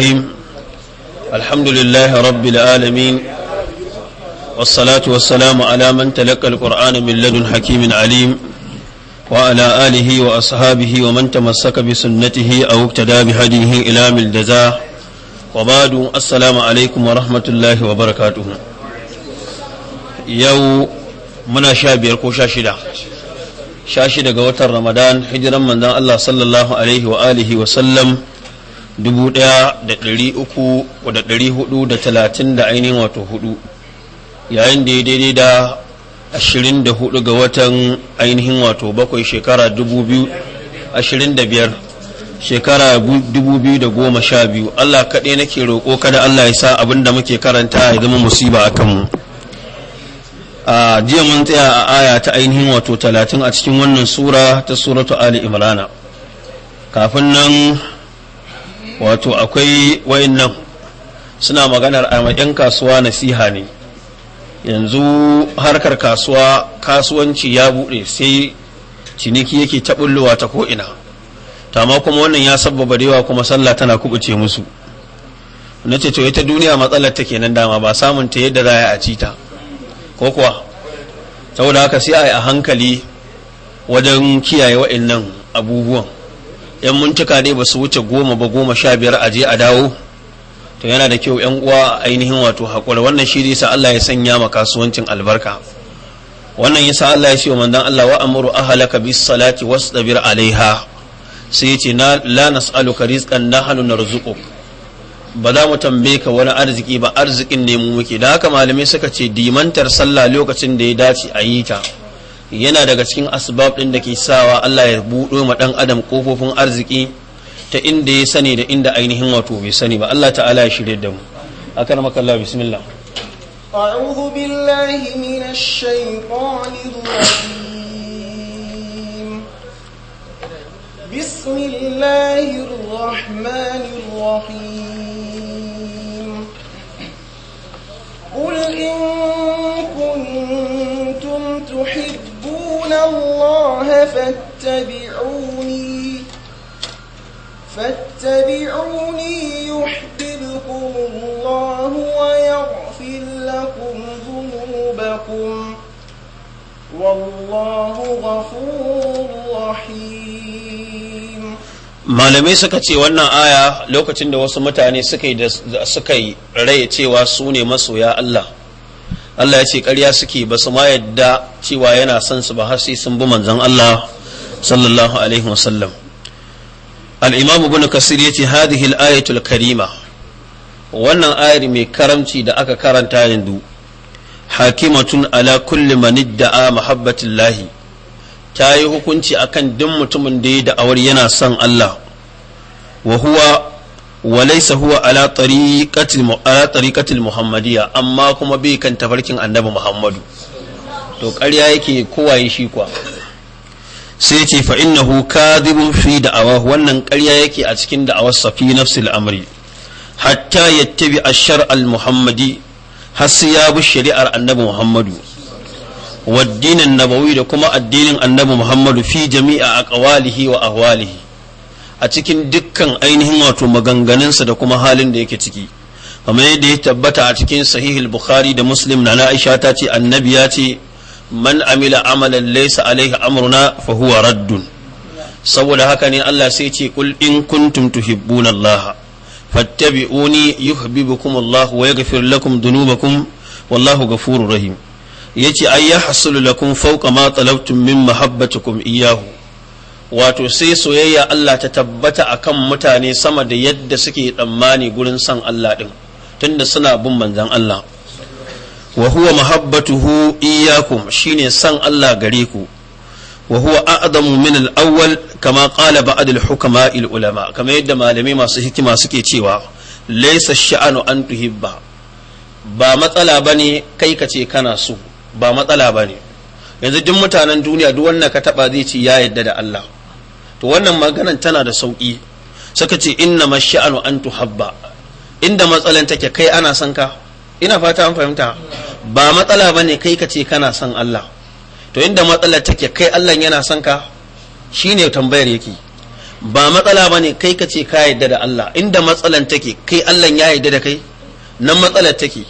الرحيم الحمد لله رب العالمين والصلاة والسلام على من تلقى القرآن من لدن حكيم عليم وعلى آله وأصحابه ومن تمسك بسنته أو اقتدى بهديه إلى ملجزاه وبعد السلام عليكم ورحمة الله وبركاته يو منا شابير كوشا شدا شاشي daga watan Ramadan hijiran manzon Allah sallallahu alaihi wa alihi wa sallam dubu da uku da hudu da talatin da ainihin wato hudu yayin da ya daidai da ashirin da hudu ga watan ainihin wato bakwai shekara dubu biyu ashirin da biyar shekara dubu biyu da goma sha biyu Allah kaɗai nake roƙo kada Allah ya sa abinda muke karanta ya zama musiba a kanmu a jiya mun tsaya a aya ta ainihin wato talatin a cikin wannan sura ta suratu ali imrana kafin nan wato akwai wayannan suna maganar a yan kasuwa nasiha ne yanzu harkar kasuwa kasuwanci ya buɗe sai ciniki yake ta ta ko'ina tama kuma wannan ya sabbaba da yawa kuma sallah tana kubuce musu na ce to ita duniya matsalar ta nan dama ba samun ta yadda za a ci ta ko kuwa saboda haka sai a yi a hankali wajen kiyaye nan abubuwan yan muntuka dai ba su wuce goma ba goma sha biyar a je a dawo to yana da kyau yan uwa ainihin wato haƙura wannan shi ne sa Allah ya sanya ma kasuwancin albarka wannan yasa Allah ya ce wa manzon Allah wa amru ahlaka bis salati wastabir alaiha sai yace la nas'aluka rizqan nahnu narzuquk ba za mu tambaye ka wani arziki ba arzikin ne mu muke da haka malamai suka ce dimantar sallah lokacin da ya dace a yi ta yana daga cikin asbab ɗin da ke sawa Allah ya buɗo ma ɗan adam ƙofofin arziki ta inda ya sani da inda ainihin wato bai sani ba Allah ta'ala ya shirye da mu akan makalla bismillah أعوذ بالله من الشيطان الرجيم بسم الله الرحمن الرحيم تطيعون الله فاتبعوني فاتبعوني يحببكم الله ويغفر لكم ذنوبكم والله غفور رحيم malamai suka ce wannan aya lokacin da wasu mutane suka yi rai cewa su ne masoya Allah Allah ya ce ƙarya suke ba su ma yadda cewa yana son su ba har sai sun bi manzon Allah sallallahu alaihi wasallam al-imam ibn kasir yace hadhihi al-ayatul karima wannan ayar mai karamci da aka karanta yanzu hakimatun ala kulli man idda'a mahabbatillahi ta yi hukunci akan duk mutumin da ya da'awar yana son Allah wa huwa وليس هو على طريقة الم... على طريقة المحمدية أما كما بي كان تفركين النبي محمد to ƙarya yake kowa ya shi kwa sai ce fa innahu kadhibun fi da'awa wannan ƙarya yake a cikin da'awar sa fi nafsil amri hatta yattabi ashar al muhammadi har sai ya bi shari'ar annabi muhammadu waddinin nabawi da kuma addinin annabi muhammadu fi jami'a a aqwalihi wa ahwalihi a cikin dukkan ainihin wato maganganunsa da kuma halin da yake ciki kamar yadda ya tabbata a cikin sahihul bukhari da muslim na aisha ta ce annabi ya ce man amila amalan laysa alaihi amruna fa huwa raddun saboda haka ne Allah sai ce kul in kuntum tuhibbuna Allah fattabi'uni yuhibbukum Allah wa yaghfir lakum dhunubakum wallahu ghafurur rahim yace ay yahsul lakum fawqa ma talabtum min mahabbatikum iyyahu wato sai soyayya Allah ta tabbata a kan mutane sama da yadda suke tsammani gurin son Allah ɗin tunda suna bin manzan Allah wa huwa mahabbatuhu iyyakum shine san Allah gare ku wa huwa a'zamu min al-awwal kama qala ba'd al-hukama ulama kamar yadda malami masu hikima suke cewa laysa sha'anu an tuhibba ba matsala bane kai ka ce kana so ba matsala bane yanzu duk mutanen duniya duk wanda ka taba zai ci ya yadda da Allah to wannan maganan tana da sauƙi suka ce inna masha'anu an tuhabba inda matsalan take kai ana son ka ina fata an fahimta ba matsala bane kai ka ce kana son Allah to inda matsala take kai Allah yana son ka shine tambayar yake ba matsala bane kai ka ce ka yarda da Allah inda matsalan take kai Allah ya yarda da kai nan matsalar take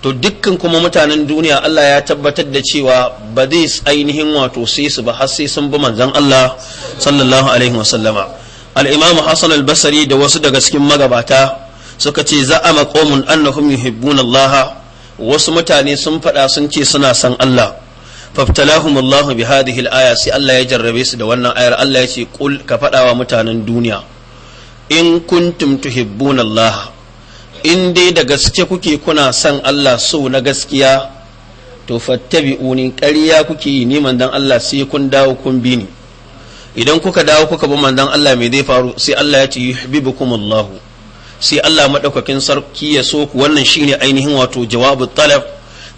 to dukkan kuma mutanen duniya Allah ya tabbatar da cewa ba zai ainihin wato sai su ba har sai sun bi manzon Allah sallallahu alaihi wasallama al-imam Hassan al-Basri da wasu daga cikin magabata suka ce za'ama qaumun annahum yuhibbuna Allah wasu mutane sun faɗa sun ce suna san Allah faftalahum Allah bi hadhihi aya sai Allah ya jarrabe su da wannan ayar Allah ya ce kul ka faɗa wa mutanen duniya in kun tuhibbuna Allah in dai da gaske kuke kuna son Allah so na gaskiya to uni ƙarya kuke yi ni dan Allah sai kun dawo kun bi ni idan kuka dawo kuka bi manzon Allah me zai faru sai Allah ya ce Allah sai Allah madaukakin sarki ya so ku wannan shine ainihin wato jawabu talab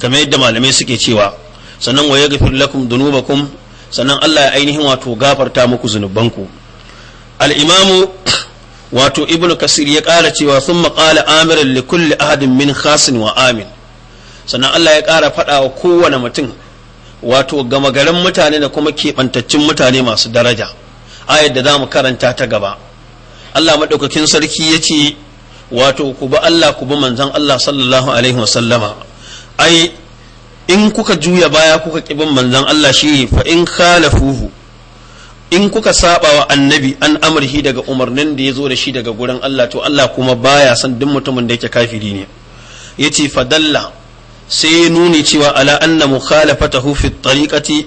kamar yadda malamai suke cewa sannan wa yaghfir lakum dunubakum sannan Allah ya ainihin wato gafarta muku zunubanku al-imamu wato ibnu kasir ya ƙara cewa sun maƙala amirin li kulli ahadin min khasin wa amin sannan Allah ya ƙara faɗa wa kowane mutum wato gama garin mutane da kuma keɓantaccen mutane masu daraja ayar da za mu karanta ta gaba Allah maɗaukakin sarki ya ce wato ku ba Allah ku bi manzon Allah sallallahu alaihi wasallama ai in kuka juya baya kuka ƙibin manzon Allah shi fa in khalafuhu in kuka saba wa annabi an amurhi daga umarnin da ya zo da shi daga gurin Allah to Allah kuma baya san duk mutumin da yake kafiri ne Ya ce fadalla sai ya nuni cewa ala anna mukhalafatahu fi tariqati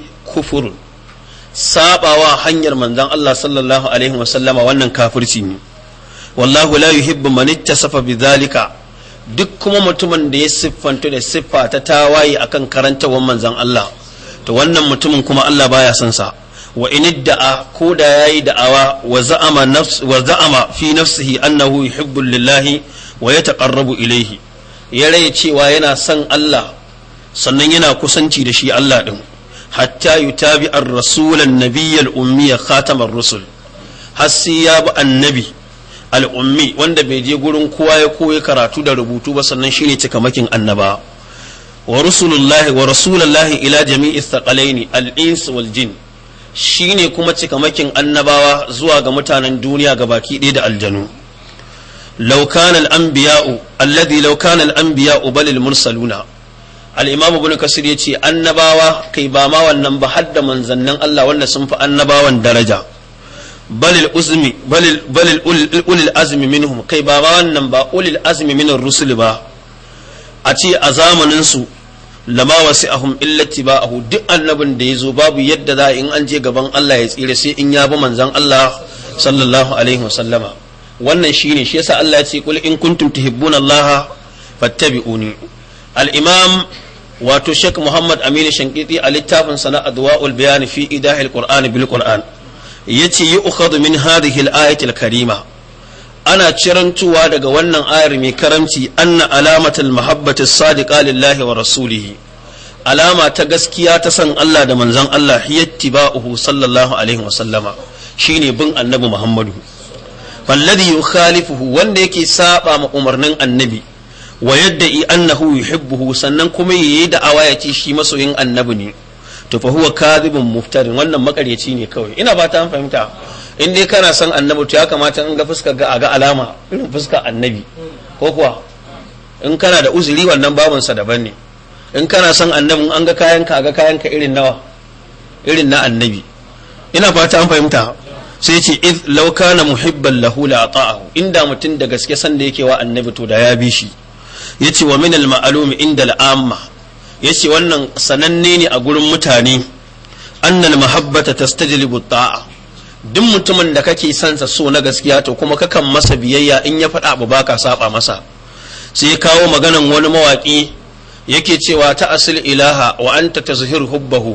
saba wa hanyar manzon Allah sallallahu alaihi wasallama wannan kafirci ne wallahu la yuhibbu man ittasafa bidhalika duk kuma mutumin da ya siffanta da siffa ta tawaye akan karantawan manzon Allah to wannan mutumin kuma Allah baya son sa wa in da'a ko da yayi da'awa wa za'ama nafs wa za'ama fi nafsihi annahu yuhibbu lillahi wa yataqarrabu ilayhi ya rai cewa yana son Allah sannan yana kusanci da shi Allah din hatta yutabi ar-rasul an-nabiy al-ummi khatam ar-rusul hasi ya bi annabi al-ummi wanda bai je gurin kowa ya koyi karatu da rubutu ba sannan shine cikamakin annaba wa rasulullahi wa rasulullahi ila jami'i thaqalaini al-ins wal jinn shine kuma cikamakin annabawa zuwa ga mutanen duniya ga baki ɗaya da aljanu law kana alladhi laukanan kana al-anbiya'u mursaluna al-imam Kasir ya ce annabawa kai ba ma wannan ba hadda manzannin Allah wanda sun fi annabawan daraja Balil uzmi ulil azmi minhum kai ba ma wannan ba ulil azmi min rusul ba a ce a zamanin su lama wasi'ahum illa tiba'ahu duk annabin da ya zo babu yadda za in an je gaban Allah ya tsira sai in ya bi manzon Allah sallallahu alaihi wasallama wannan shine shi yasa Allah ya ce kul in kuntum tuhibbuna Allah fattabi'uni al-imam wato Sheikh Muhammad Aminu Shankiti a littafin na adwa'ul bayan fi idahil qur'an bil qur'an yace yu'khadhu min hadhihi al-ayati al-karima ana cirantuwa daga wannan ayar mai karamci anna alamatul mahabbati sadiqa lillahi wa rasulihi alama ta gaskiya ta san Allah da manzon Allah yattiba'uhu sallallahu alaihi wa sallama shine bin annabi Muhammadu falladhi yukhalifuhu wanda yake saba ma umarnin annabi wa yadda'i annahu yuhibbuhu sannan kuma yayi da'awa ya ce shi masoyin annabi ne to fa huwa kadhibun muftarin wannan makaryaci ne kawai ina ba ta fahimta in dai kana son annabi to ya kamata in ga fuska ga a ga alama irin fuska annabi ko kuwa in kana da uzuri wannan babun sa daban ne in kana son annabin an ga kayanka a ga kayanka irin nawa irin na annabi ina fata an fahimta sai ce iz law kana muhibban lahu la ata'ahu inda mutum da gaske san da yake wa annabi to da ya bi shi yace wa min al ma'lum inda al amma yace wannan sananne ne a gurin mutane annal mahabbata tastajlibu ta'ah duk mutumin da kake sansa so na gaskiya to kuma kakan masa biyayya in ya faɗa abu baka saba masa sai ya kawo maganan wani mawaƙi yake cewa ta asil ilaha wa anta tazhir hubbahu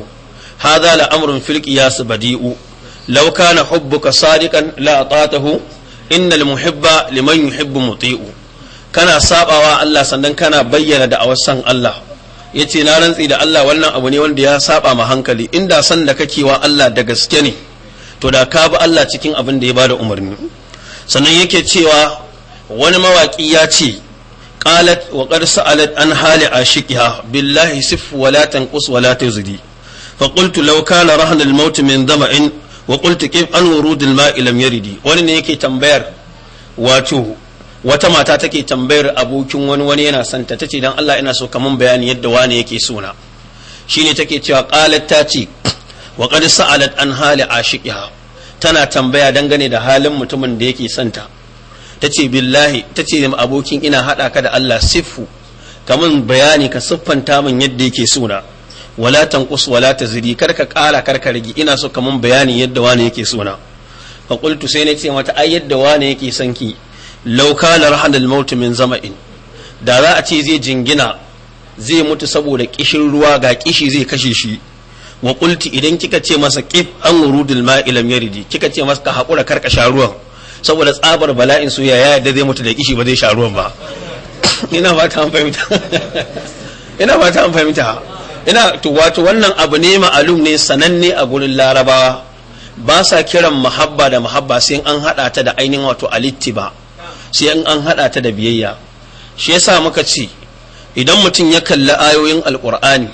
hadha la amrun fil qiyas badi'u law kana hubbuka sadiqan la atatahu innal muhibba liman yuhibbu muti'u kana sabawa Allah sannan kana bayyana da awasan Allah yace na rantsi da Allah wannan abu ne wanda ya saba ma hankali inda san da kake wa Allah da gaske ne to da ka bi Allah cikin abin da ya bada umarni sannan yake cewa wani mawaki ya ce qalat wa qad sa'alat an hali ashiqiha billahi sif wa la tanqus wa la tuzdi fa qultu law kana rahna al maut min dama'in wa qultu kif an wurud al ma'i lam yaridi wani ne yake tambayar wato wata mata take tambayar abokin wani wani yana santa tace dan Allah ina so kamun bayani yadda wani yake suna shine take cewa qalat ta ce wa qad sa'alat an hali ashiqiha tana tambaya dangane da halin mutumin da yake santa tace billahi tace abokin ina haɗa ka da Allah siffu kamun bayani ka siffanta min yadda yake suna wala tanqus wala ziri, kar ka kara kar ka rigi ina so kamun bayani yadda wani yake suna fa qultu sai ce mata ai yadda wani yake sanki law kana rahadal maut min zama'in da za a ce zai jingina zai mutu saboda kishin ruwa ga kishi zai kashe shi wa kulti idan kika ce masa kif an wurudil ma'i lam yaridi kika ce masa ka hakura karka sha ruwan saboda tsabar bala'in su ya da zai mutu da kishi ba zai sha ruwan ba ina ba ta fahimta ina ba ta fahimta ina to wato wannan abu ne ma'alum ne sananne a gurin larabawa ba sa kiran muhabba da muhabba sai an hada ta da ainihin wato alittiba sai an hada ta da biyayya shi yasa muka ce idan mutum ya kalli ayoyin alkur'ani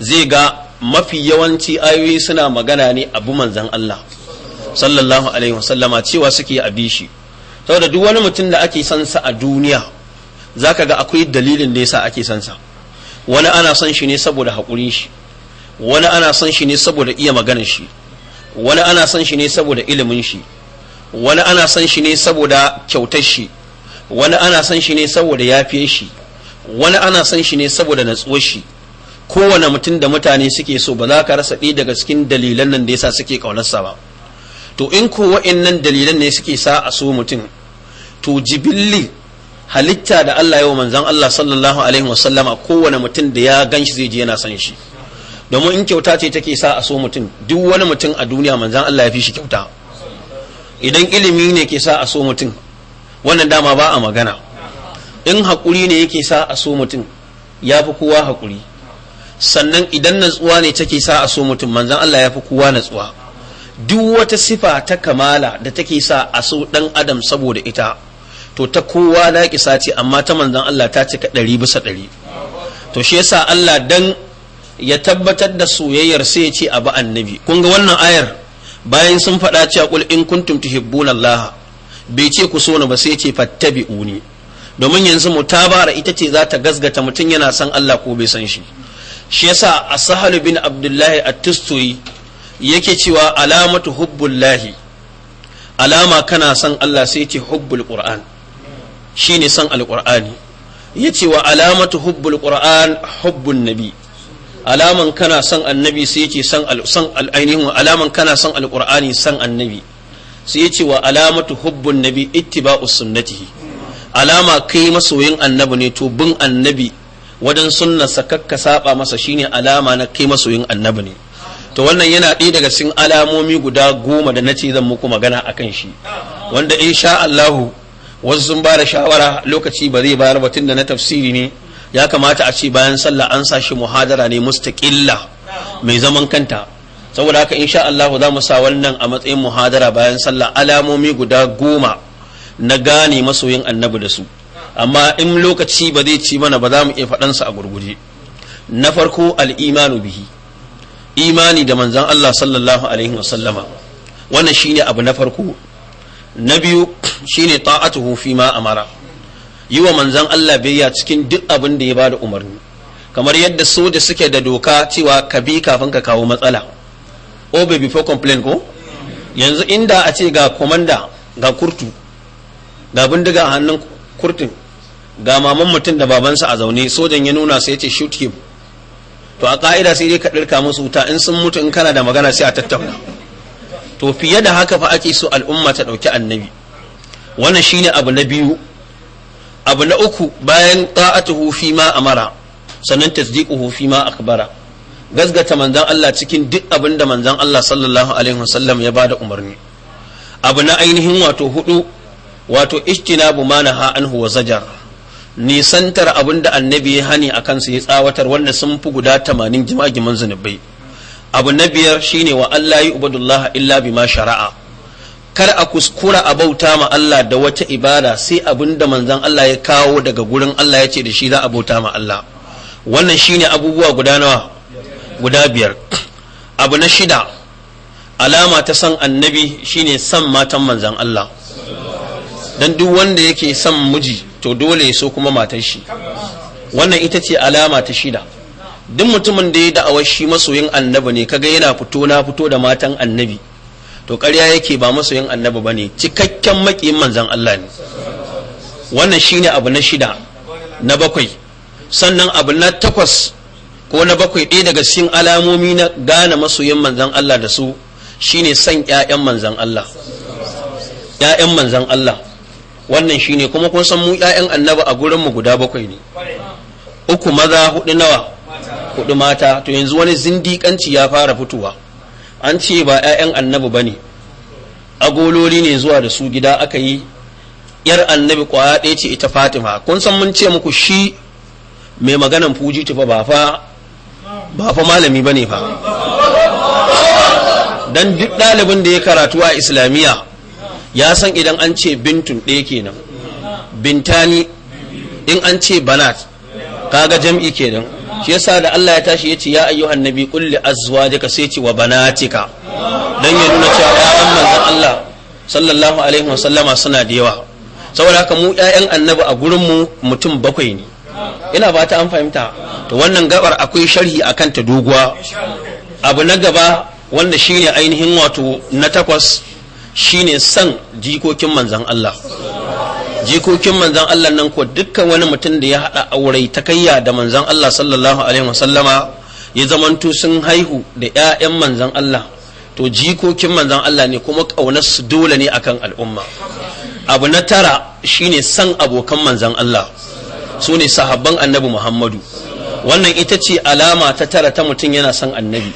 zai ga mafi yawanci ayoyi suna magana ne abu manzan Allah sallallahu alaihi wasallama cewa suke a shi saboda duk wani mutum da ake son sa a duniya zaka ga akwai dalilin da yasa ake son sa wani ana son shi ne saboda haƙurin shi wani ana son shi ne saboda iya magana shi wani ana son shi ne saboda ilimin shi wani ana son shi ne saboda kyautar shi wani ana son shi ne saboda yafiyar shi wani ana son shi ne saboda natsuwar shi kowane mutum da mutane suke so ba za ka rasa ɗaya daga cikin dalilan nan da yasa suke ƙaunarsa ba to in ko nan dalilan ne suke sa a so mutum to jibilli halitta da Allah yawa manzan Allah sallallahu alaihi wasallama kowane mutum da ya ganshi zai je yana san shi domin in kyauta ce take sa a so mutum duk wani mutum a duniya manzan Allah ya fi shi kyauta idan ilimi ne ke sa a so mutum wannan dama ba a magana in haƙuri ne yake sa a so mutum ya fi kowa haƙuri sannan idan natsuwa ne take sa a so mutum manzan Allah ya fi kowa natsuwa duk wata sifa ta kamala da take sa a so dan adam saboda ita to ta kowa na kisa ce amma ta manzan Allah ta cika ɗari bisa ɗari to shi yasa Allah dan ya tabbatar da soyayyar sai ya ce a ba annabi kun ga wannan ayar bayan sun faɗa cewa kul in kuntum tuhibbuna Allah bai ce ku so ni ba sai ya ce fattabi'uni domin yanzu mutabara ita ce za ta gasgata mutum yana son Allah ko bai san shi shi yasa a sahal bin abdullahi at-tustui yake cewa alamatu hubbullahi alama kana son Allah sai ce hubbul qur'an shine son alqur'ani yace wa alamatu hubbul qur'an hubbun nabi alaman kana son annabi sai yace son al ainihin alaman kana son alqur'ani son annabi sai yace wa alamatu hubbun nabi ittiba'us sunnatihi alama kai masoyin annabi ne to bin annabi wajen sunna sakakka saba masa shine alama na kai masoyin annabi ne to wannan yana ɗaya daga cikin alamomi guda goma da nace zan muku magana akan shi wanda insha Allahu wasu sun ba da shawara lokaci ba zai bayar tun da na tafsiri ne ya kamata a ce bayan sallah an sa shi muhadara ne mustaqilla mai zaman kanta saboda haka insha Allah za mu sa wannan a matsayin muhadara bayan sallah alamomi guda goma na gane masoyin annabi da su amma in lokaci ba zai ci mana ba za mu iya faɗansa a gurguje na farko al'imanu bihi imani da manzan Allah sallallahu alaihi wasallama wannan shine abu na farko na biyu shine ta'atuhu fi ma a mara yi wa manzan Allah biyayya cikin duk abin da ya ba da umarni kamar yadda soja suke da doka cewa ka bi kafin ka kawo matsala o oh, obey before complaint ko yanzu inda a ce ga komanda ga kurtu ga bindiga a hannun kurtun ga maman mutum da babansa a zaune sojan ya nuna sai ya ce shoot him to a ka'ida sai dai ka ɗirka musu wuta in sun mutu in kana da magana sai a tattauna to fiye da haka fa ake so al'umma ta ɗauki annabi wannan shine abu na biyu abu na uku bayan ta'atuhu fi ma amara sannan tasdiquhu fi ma akbara gazgata manzon Allah cikin duk abin da manzon Allah sallallahu alaihi wasallam ya bada umarni abu na ainihin wato hudu wato ijtinabu ma naha anhu wa zajar nisantar abin da annabi ya hani a kansu ya tsawatar wanda sun fi guda tamanin jimagiman zunubai abu na biyar shine wa Allah yi ubadullah illa bima shara'a kar a kuskura a bauta ma Allah da wata ibada sai abin da manzon Allah ya kawo daga gurin Allah ya ce da shi za a bauta ma Allah wannan shine abubuwa guda nawa guda biyar abu na shida alama ta san annabi shine san matan manzon Allah dan duk wanda yake son miji to dole so kuma matar shi wannan ita ce alama ta shida duk mutumin da ya da'awar shi masoyin annabi ne kaga yana fito na fito da matan annabi to ƙarya yake ba masoyin annabi ba ne cikakken maƙiyin manzan Allah ne wannan shi ne abu na shida na bakwai sannan abu na takwas ko na bakwai ɗaya daga cikin alamomi na gane masoyin manzan Allah da su shine san 'ya'yan manzan Allah Ya'yan manzon Allah wannan shi ne kuma kun san mu 'yayan annaba a gurin mu guda bakwai ne uku maza hudu nawa hudu mata to yanzu wani zindikanci ya fara fitowa an ce ba ƴaƴan annabi ne agololi ne zuwa da su gida aka yi yar annabi kwaya ɗaya ce ita fatima kun san mun ce muku shi mai maganan fuji ba fa ba fa malami fa dan duk ɗalibin da ya karatu a islamiyya ya san idan an ce bintun ɗaya kenan bintani in an ce banat kaga jam'i kenan shi yasa da Allah ya tashi yace ya ayyuhan annabi qul li azwajika sai ce wa banatika dan ya nuna cewa ƴaƴan manzon Allah sallallahu alaihi wasallama suna da yawa saboda haka mu ƴaƴan annabi a gurin mu mutum bakwai ne ina ba ta an fahimta to wannan gabar akwai sharhi akan ta doguwa abu na gaba wanda shine ainihin wato na takwas shine san jikokin manzan Allah jikokin manzan Allah nan ko dukkan wani mutum da ya haɗa aure takayya da manzan Allah sallallahu alaihi wasallama ya zamanto sun haihu da 'ya'yan manzan Allah to jikokin manzan Allah ne kuma su dole ne akan al'umma abu na tara shine san abokan manzan Allah su ne sahabban annabi Muhammadu wannan ita ce alama ta tara ta mutum yana son annabi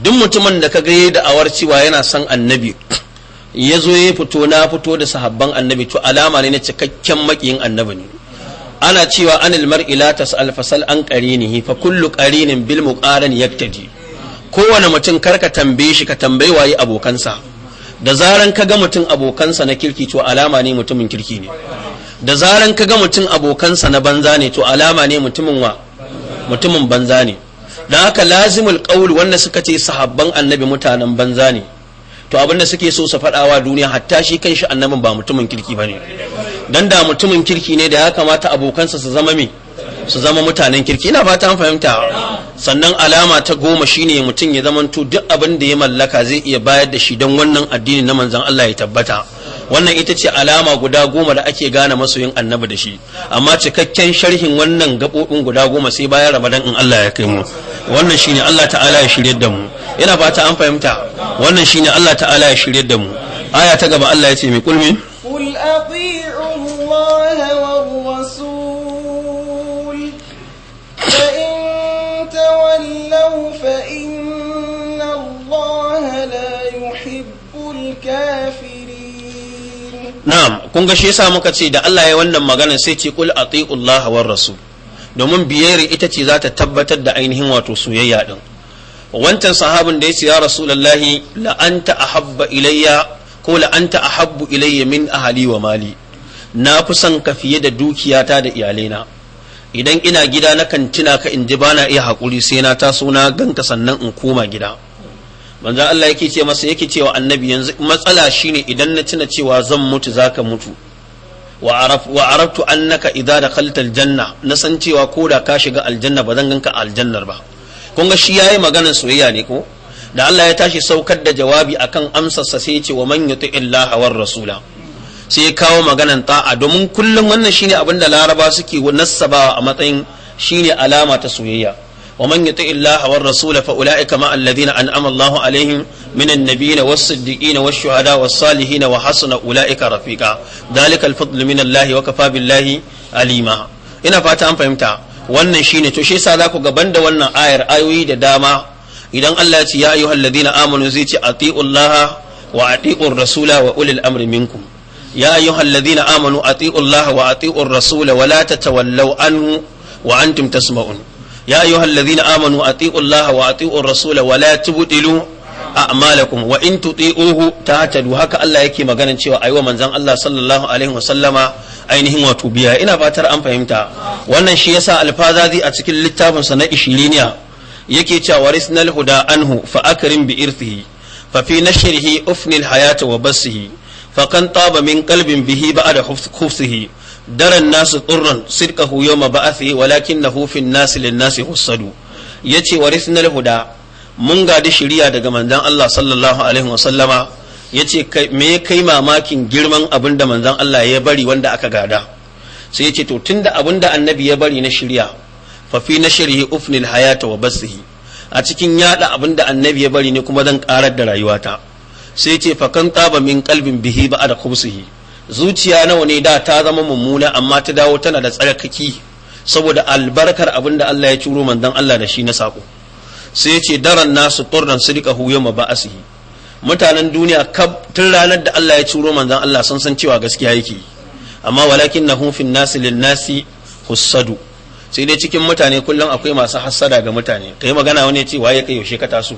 duk mutumin da ka ga da awar cewa yana son annabi ya zo ya fito na fito da sahabban annabi to alama ne na cikakken makiyin annabi ne ana cewa anil mar'i la tas'al fasal an qarinihi fa kullu qarinin bil muqaran yaktadi kowane mutum karka tambaye shi ka tambayi waye abokansa da zaran ka ga mutum abokansa na kirki to alama ne mutumin kirki ne da zaran ka ga mutum abokansa na banza ne to alama ne mutumin wa mutumin banza ne da haka lazimul qawl wanda suka ce sahabban annabi mutanen banza ne to abin da suke so su faɗawa duniya hatta shi kan shi annabin ba mutumin kirki ba ne dan da mutumin kirki ne da ya kamata abokansa su zama mi su zama mutanen kirki ina fata an fahimta sannan alama ta goma shine mutum ya zamanto duk abin da ya mallaka zai iya bayar da shi don wannan addini na manzon Allah ya tabbata wannan ita ce alama guda goma da ake gane masoyin annabi da shi amma cikakken sharhin wannan gaɓoɓin guda goma sai bayan ramadan in Allah ya kai mu wannan shine Allah ta'ala ya shirye da mu ina ta an fahimta wannan shine Allah ta'ala ya shirye da mu aya ta gaba Allah ya ce mai kulmi qul ati'u Allah wa rasul fa in tawallaw fa inna Allah la yuhibbul kafirin na'am kun ga shi yasa muka ce da Allah ya wannan magana sai ce qul ati'u Allah wa rasul domin biyayyar ita ce za ta tabbatar da ainihin wato soyayya ɗin. wancan sahabin da ya ce ya lallahi la'anta a ahabba ilayya ko la'anta a habbu ilayya min ahali wa mali na fi son ka fiye da dukiyata da iyalaina idan ina gida na kan tina ka in ji bana iya haƙuri, sai na taso na ganka sannan in koma gida manzo Allah yake ce masa yake cewa annabi yanzu matsala shine idan na tuna cewa zan mutu zaka mutu wa arabtu annaka idza dakhalta aljanna na san cewa ko da ka shiga aljanna ba zan ganka aljannar ba kun ga shi yayi maganar soyayya ne ko da Allah ya tashi saukar da jawabi akan sa sai ya ce wa man yutu illaha war rasula sai ya kawo maganan ta'a domin kullum wannan shine abin da laraba suke nassabawa a matsayin shine alama ta soyayya ومن يطع الله والرسول فأولئك مع الذين أنعم الله عليهم من النبيين والصديقين والشهداء والصالحين وحسن أولئك رفيقا ذلك الفضل من الله وكفى بالله عليما ina fata an fahimta wannan shine to shi yasa za ku gaban da wannan ayar ayoyi da dama idan Allah ya ce ya ayyuhal ladina amanu zai ce atiullaha wa atiur rasula wa ulil amri minkum ya ayyuhal ladina amanu atiullaha wa atiur rasula wa la tatawallaw anhu wa antum tasma'un ya ayyuhal ladhina amanu ati'u Allah wa ati'u rasula wa la tubdilu a'malakum wa in tuti'uhu tahtadu haka Allah yake magana cewa aiwa manzon Allah sallallahu alaihi wasallama ainihin wato biya ina fatar an fahimta wannan shi yasa alfazazi a cikin littafin sa na ishiriniya yake cewa warisnal huda anhu fa akrim bi irthihi fa na shirhi ufnil hayata wa basihi fa kan taba min qalbin bihi ba'da khufsihi Daran nasu tsurran sidqahu yawma ba'athi walakinahu fin nasi lin nasi hussadu yace warisnal huda mun gadi shiriya daga manzan Allah sallallahu alaihi wa sallama yace me kai mamakin girman abin da manzon Allah ya bari wanda aka gada sai yace to tunda abin da annabi ya bari na shiriya fa fi nashrihi ufnil hayata wa basihi a cikin yada abin da annabi ya bari ne kuma zan karar da rayuwata sai yace fa kan tsaba min qalbin bihi ba'da khubsihi zuciya nawa ne da ta zama mummuna amma ta dawo tana da tsarkaki saboda albarkar abin da Allah ya ciro manzon Allah da shi na sako sai ya ce daren nasu turnan sirqahu yawma ba'asihi mutanen duniya kab tun ranar da Allah ya ciro manzon Allah sun san cewa gaskiya yake amma walakin nahum fin nasi lin nasi husadu sai dai cikin mutane kullum akwai masu hassada ga mutane kai magana wani ya ce waye kai yaushe ka taso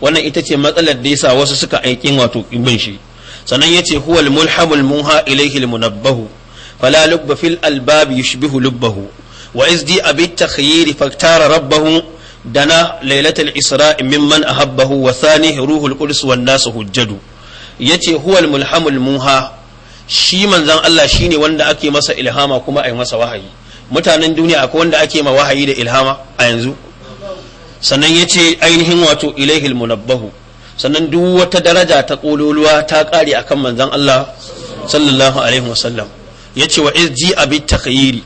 wannan ita ce matsalar da yasa wasu suka aikin wato ibin shi sannan yace huwal mulhamul munha ilayhi munabbahu fala lubba fil albab yushbihu lubbahu wa izdi abi takhyir faktara rabbahu dana lailatul isra mimman ahabbahu wa thani ruhul quds wan nasu hujjadu yace huwal mulhamul munha shi manzon Allah shine wanda ake masa ilhama kuma ai masa wahayi mutanen duniya akwai wanda ake ma wahayi da ilhama a yanzu sannan yace ainihin wato ilaihil munabbahu sannan duk wata daraja ta kololuwa ta kare akan manzon Allah sallallahu alaihi wasallam yace wa izji abi takyiri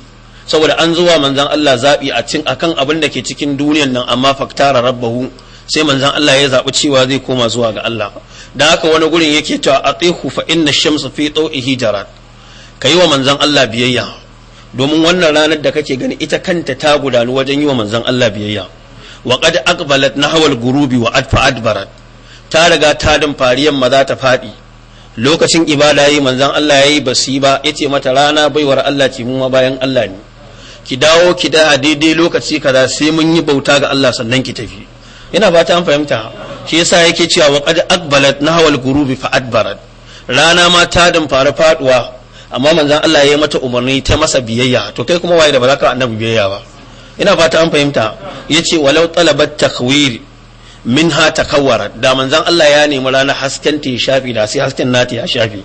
saboda an zuwa manzan Allah zaɓi a cin akan abin da ke cikin duniyar nan amma faktara rabbahu sai manzan Allah ya zabi cewa zai koma zuwa ga Allah dan haka wani gurin yake ta atihu fa inna shamsu fi taw'ihi jarat yi wa manzon Allah biyayya domin wannan ranar da kake gani ita kanta ta gudanu wajen yi wa manzon Allah biyayya wa qad aqbalat nahwal gurubi wa adfa adbarat ta riga ta fariyan maza ta faɗi lokacin ibada yi manzan Allah ya yi basi ba ya ce mata rana baiwar Allah ce mun ma bayan Allah ne ki dawo ki da daidai lokaci kaza sai mun yi bauta ga Allah sannan ki tafi ina ba ta an fahimta shi yasa yake cewa wa qad aqbalat nahwal ghurubi fa adbarat rana ma ta fara faduwa amma manzan Allah ya yi mata umarni ta masa biyayya to kai kuma waye da ba za ka annabi biyayya ba ina fata an fahimta yace walau talabat takwiri min ha ta takawwara da manzan Allah ya nemi ranar hasken ta shafi da sai hasken nata ya shafi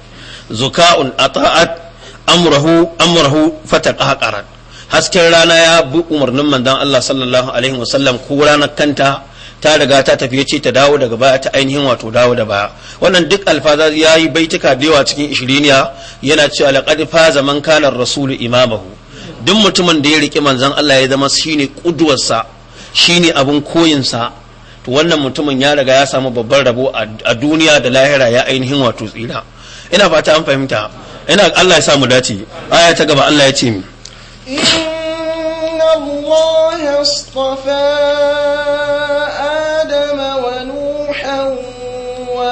zuka'un ata'at amrahu amrahu fataqahqarat hasken rana ya bi umarnin manzan Allah sallallahu alaihi wasallam ko ranar kanta ta riga ta tafi ce ta dawo daga baya ta ainihin wato dawo da baya wannan duk alfaza ya yi baituka da yawa cikin ishiriniya yana cewa laqad faza man kana rasulu imamahu duk mutumin da ya riki manzan Allah ya zama shine kudwarsa shine abun koyinsa to wannan mutumin ya riga ya samu babban rabo a duniya da lahira ya ainihin wato tsira ina fata an fahimta ina Allah ya samu dace aya ta gaba Allah ya ce mi inna Allah adam wa nuhan wa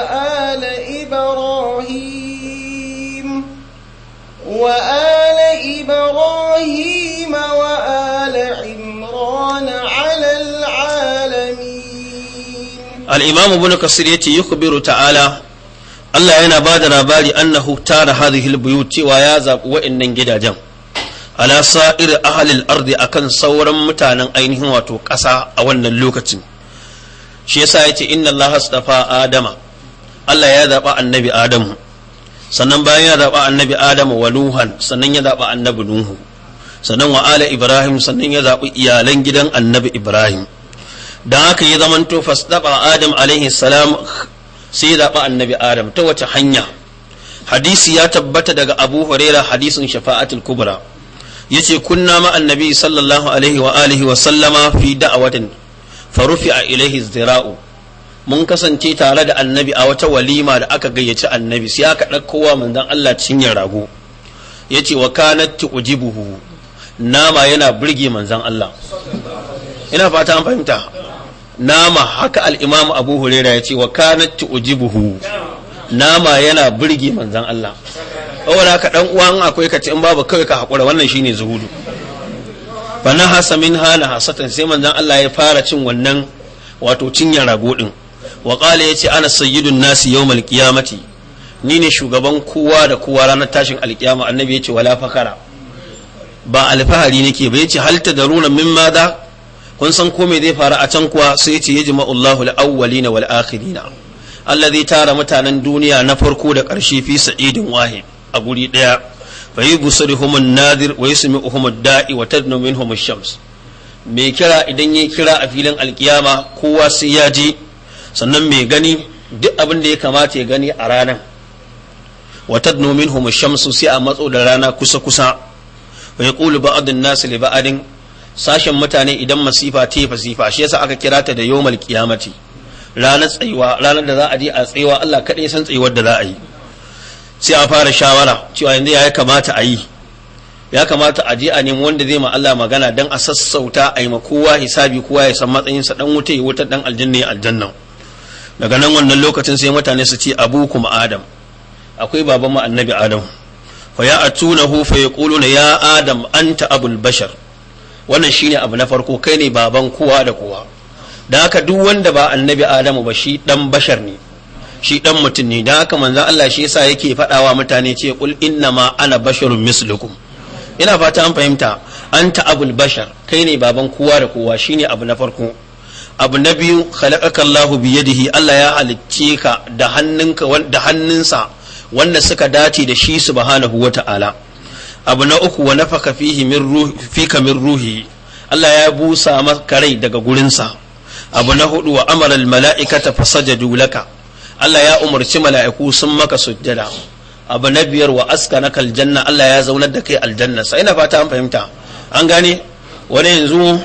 ibrahim wa ala ibrahim al-imam ibn kasir yace yukhbiru ta'ala Allah yana ba da labari annahu tara hadhihi al-buyut cewa ya zabi wa'annan gidajen ala sa'ir ahalin ardi akan sauran mutanen ainihin wato ƙasa a wannan lokacin shi yasa yace inna Allah astafa adama Allah ya zaba annabi adamu sannan bayan ya zaba annabi wa nuhan sannan ya zaba annabi nuhu sannan wa ibrahim sannan ya zabi iyalan gidan annabi ibrahim don haka yi zamanto fasdaba adam alaihi salam sai zaɓa annabi adam ta wace hanya hadisi ya tabbata daga abu huraira hadisin shafa'atul kubra yace kunna ma annabi sallallahu alaihi wa alihi wa sallama fi da'awatin farufi a ilaihi zira'u mun kasance tare da annabi a wata walima da aka gayyaci annabi sai aka ɗaukowa manzon Allah cinye rago yace wa kanat tu'jibuhu nama yana burge manzon Allah ina fata an fahimta nama haka al'imamu abu huraira ya ce wa uji ujibuhu nama yana birge manzan Allah saboda ka ɗan uwan akwai ka in babu kawai ka haƙura wannan shine zuhudu Bana na hasa min hana hasatan sai manzan Allah ya fara cin wannan wato cinyar rago din wa ya yace ana sayyidun nasi yau malƙiyamati ni ne shugaban kowa da kowa ranar tashin alkiyama annabi ce wala fakara ba alfahari nake ba yace hal tadaruna ma da kun san ko me zai faru a can kuwa sai ce yajma'u Allahu al-awwalina wal akhirina Allah zai tara mutanen duniya na farko da ƙarshe fi sa'idin wahid a guri daya fa yubsiruhum an-nadir wa yasmi'uhum dai wa tadnu minhum ash-shams mai kira idan ya kira a filin alkiyama kowa sai ya ji sannan mai gani duk abin da ya kamata ya gani a ranar wa tadnu minhum ash-shams sai a matso da rana kusa kusa wa yaqulu ba'd an-nas li sashen mutane idan masifa ta fasifa shi yasa aka kira ta da yawmal kiyamati ranar ranar da za a je a tsayuwa Allah kaɗai san tsayuwar da za a yi sai a fara shawara cewa yanzu ya kamata a yi ya kamata a je a nemi wanda zai ma Allah magana dan a sassauta a yi ma kowa hisabi kowa ya san sa dan wuta ya wuta dan aljanna ya aljanna daga nan wannan lokacin sai mutane su ce abu kuma adam akwai baban mu annabi adam fa ya atunahu fa yaquluna ya adam anta abul bashar wannan shine abu na farko kai ne baban kowa da kowa da haka duk wanda ba annabi adamu ba shi dan bashar ne shi dan mutum ne da haka manzon Allah shi yasa yake faɗawa mutane ce kul inna ma ana basharun mislukum ina fata an fahimta anta abul bashar kai ne baban kowa da kowa shine abu na farko abu na biyu khalaqaka Allahu bi yadihi Allah ya halicce ka da hannunka da hannunsa wanda suka dace da shi subhanahu wata'ala abu na uku wa nafaka fihi min ruhi fika min ruhi Allah ya busa maka rai daga gurinsa abu na hudu wa amara al mala'ikata fasajadu laka Allah ya umarci mala'iku sun maka sujjada abu na biyar wa askanaka aljanna Allah ya zaunar da kai aljanna sai ina fata an fahimta an gane wani yanzu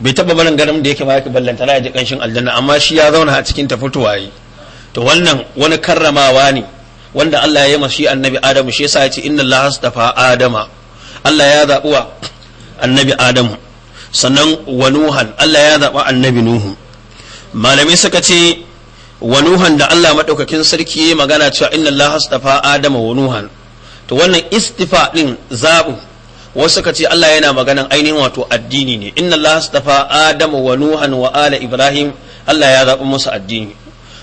bai taba barin garin da yake ma yake ballanta na ji kanshin aljanna amma shi ya zauna a cikin ta fitowa yi to wannan wani karramawa ne wanda Allah ya yi shi annabi Adamu shi yasa ya ce inna Allah astafa Adama Allah ya zaɓi wa annabi Adamu sannan wa Nuhan Allah ya zaɓi annabi Nuhu malamai suka ce wa Nuhan da Allah maɗaukakin sarki ya magana cewa inna Allah astafa Adama wa Nuhan to wannan istifa din zaɓu wasu suka ce Allah yana maganan ainihin wato addini ne inna Allah astafa Adamu wa Nuhan wa ala Ibrahim Allah ya zaɓi musu addini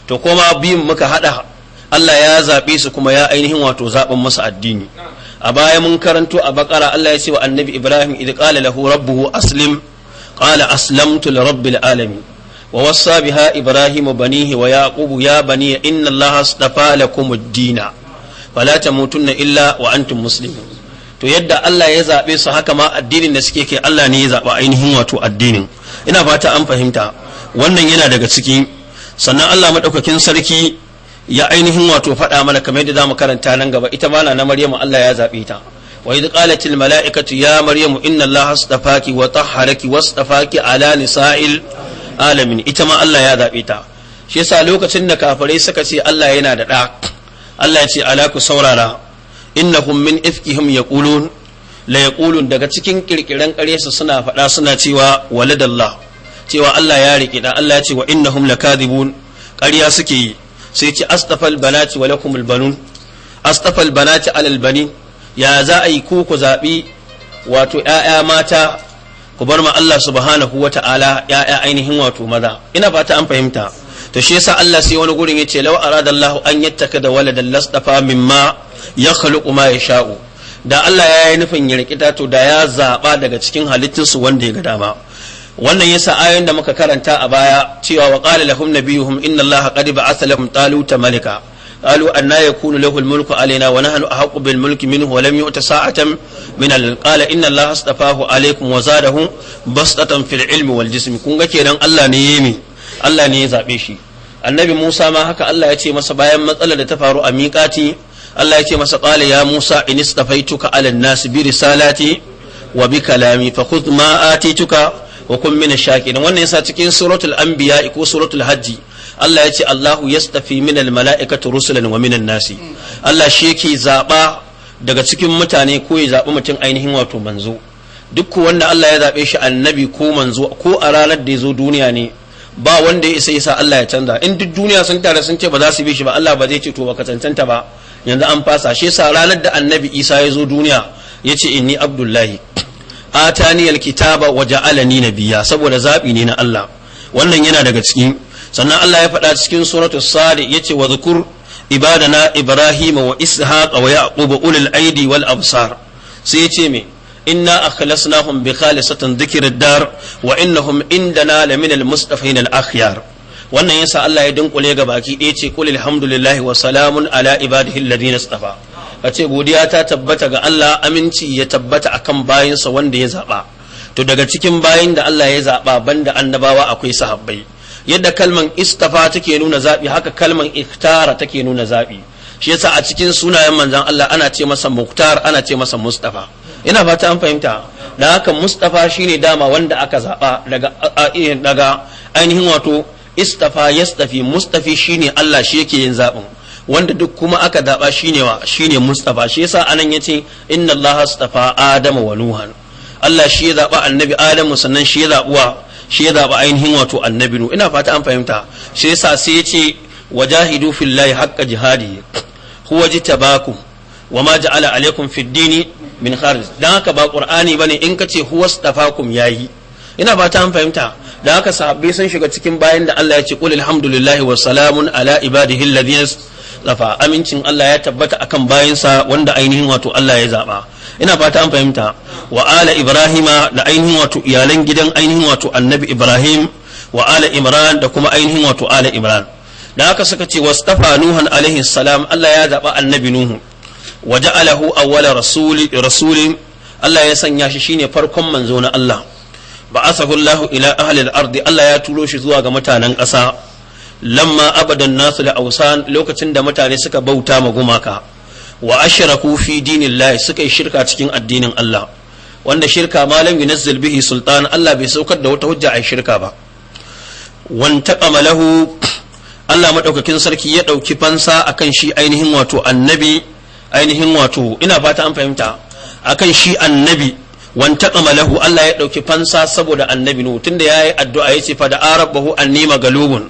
to kuma biyun muka haɗa. Allah ya zaɓe su kuma ya ainihin wato zaɓin masa addini a baya mun karanto a bakara Allah ya ce wa annabi Ibrahim idh qala lahu rabbuhu aslim qala aslamtu li rabbil alami wa wassa biha Ibrahim banihi wa yaqubu ya bani inna Allah astafa lakum ad-din fala tamutunna illa wa antum muslimun to yadda Allah ya zaɓe su haka ma addinin da suke ke Allah ne ya zaɓa ainihin wato addinin ina fata an fahimta wannan yana daga ciki sannan Allah madaukakin sarki ya ainihin wato faɗa mana kamar yadda zamu karanta nan gaba ita ma na Maryamu Allah ya zabe ta wa idh qalat al mala'ikatu ya Maryamu inna Allah astafaki wa tahharaki wastafaki ala nisa'il alamin ita ma Allah ya zabe ta shi yasa lokacin da kafirai suka ce Allah yana da da Allah ya ce ala ku saurara innahum min ifkihim yaqulun la yaqulun daga cikin kirkiran su suna faɗa suna cewa waladallah cewa Allah ya riƙe da Allah ya ce wa innahum lakadibun ƙarya suke yi sai ce astafal banati wa lakumul banun astafal banati alal bani ya za a yi ku zaɓi wato ‘ya'ya mata ku bar ma Allah subhanahu wa ta'ala ‘ya'ya ainihin wato maza ina fata an fahimta to shi yasa Allah sai wani gurin yace law aradallahu an yattaka da waladan lastafa mimma yakhluqu ma yasha'u da Allah ya yi nufin ya rikita to da ya zaba daga cikin halittunsu wanda ya ga dama wannan yasa ayoyin da muka karanta a baya cewa wa qala lahum nabiyuhum inna allaha qad ba'atha lahum taluta malika قالوا أن يكون له الملك علينا ونحن أحق بالملك منه ولم يؤت ساعة من قال إن الله اصطفاه عليكم وزاده بسطة في العلم والجسم كون كيران الله نيمي الله ني زابي شي النبي موسى ما هكا الله يتي masa bayan matsalar da ta faru a miƙati Allah ya ce masa qala ya Musa in istafaituka ala nas bi risalati wa bi kalami fa khudh ma wa kun min shakirin wannan yasa cikin suratul anbiya ko suratul hajji Allah ya ce Allahu yastafi min al mala'ikati rusulan wa minan nasi Allah shi yake zaba daga cikin mutane ko ya zabi mutum ainihin wato manzo duk wanda Allah ya zabe shi annabi ko manzo ko a ranar da ya zo duniya ne ba wanda ya isa isa Allah ya canza in duk duniya sun tare sun ce ba za su bi shi ba Allah ba zai ce to ba cancanta ba yanzu an fasa shi yasa ranar da annabi Isa ya zo duniya ya ce inni abdullahi atani alkitaba wa ja'alani biya saboda zabi ne na Allah wannan yana daga cikin sannan Allah ya faɗa cikin suratul sadi yace wa zukur ibadana ibrahim wa ishaq wa yaqub ulul aidi wal absar sai yace me inna akhlasnahum bi khalisatan dhikrid dar wa innahum indana lamin al mustafin al akhyar wannan yasa Allah ya dinkule ga baki ɗaya ce qul alhamdulillahi wa salamun ala ibadihi alladhina istafa a ce godiya ta tabbata ga Allah aminci ya tabbata akan bayansa wanda ya zaɓa to daga cikin bayin da Allah ya zaɓa banda annabawa akwai sahabbai yadda kalman istafa take nuna zaɓi haka kalman iktara take nuna zaɓi shi yasa a cikin sunayen manzon Allah ana ce masa muktar ana ce masa mustafa ina fata an fahimta da haka mustafa shine dama wanda aka zaba daga daga ainihin wato istafa yastafi mustafi shine Allah shi yake yin zaɓin. wanda duk kuma aka zaba shine wa shine mustafa shi yasa anan yace inna allaha astafa adama wa nuhan Allah shi ya zaba annabi adamu sannan shi ya zabuwa shi ya zaba ainihin wato annabi nu ina fata an fahimta shi yasa sai yace wajahidu fillahi haqqa jihadi huwa jitabakum ma ja'ala alaikum fid dini min kharij dan haka ba qur'ani bane in kace huwa astafakum yayi ina fata an fahimta da haka sahabbai sun shiga cikin bayan da Allah ya ce qul alhamdulillahi wa salamun ala ibadihi alladhina tsafa amincin Allah ya tabbata akan bayansa wanda ainihin wato Allah ya zaba ina fata an fahimta wa ala ibrahima da ainihin wato iyalan gidan ainihin wato annabi ibrahim wa ala imran da kuma ainihin wato ala imran da haka suka ce wastafa nuhan alaihi salam Allah ya zaba annabi nuhu wa ja'alahu awwala rasuli rasulin Allah ya sanya shi shine farkon manzo na Allah ba'athahu Allah ila ahli al-ardi Allah ya turo shi zuwa ga mutanen ƙasa lamma abadan nasu da ausan lokacin da mutane suka bauta ma gumaka wa ashraku fi dinillahi suka yi shirka cikin addinin Allah wanda shirka malam yunazzil bihi sultan Allah bai saukar da wata hujja a shirka ba wan taqama lahu Allah madaukakin sarki ya dauki fansa akan shi ainihin wato annabi ainihin wato ina fata an fahimta akan shi annabi wan taqama lahu Allah ya dauki fansa saboda annabi nu tunda yayi addu'a yace fa da arabahu annima galubun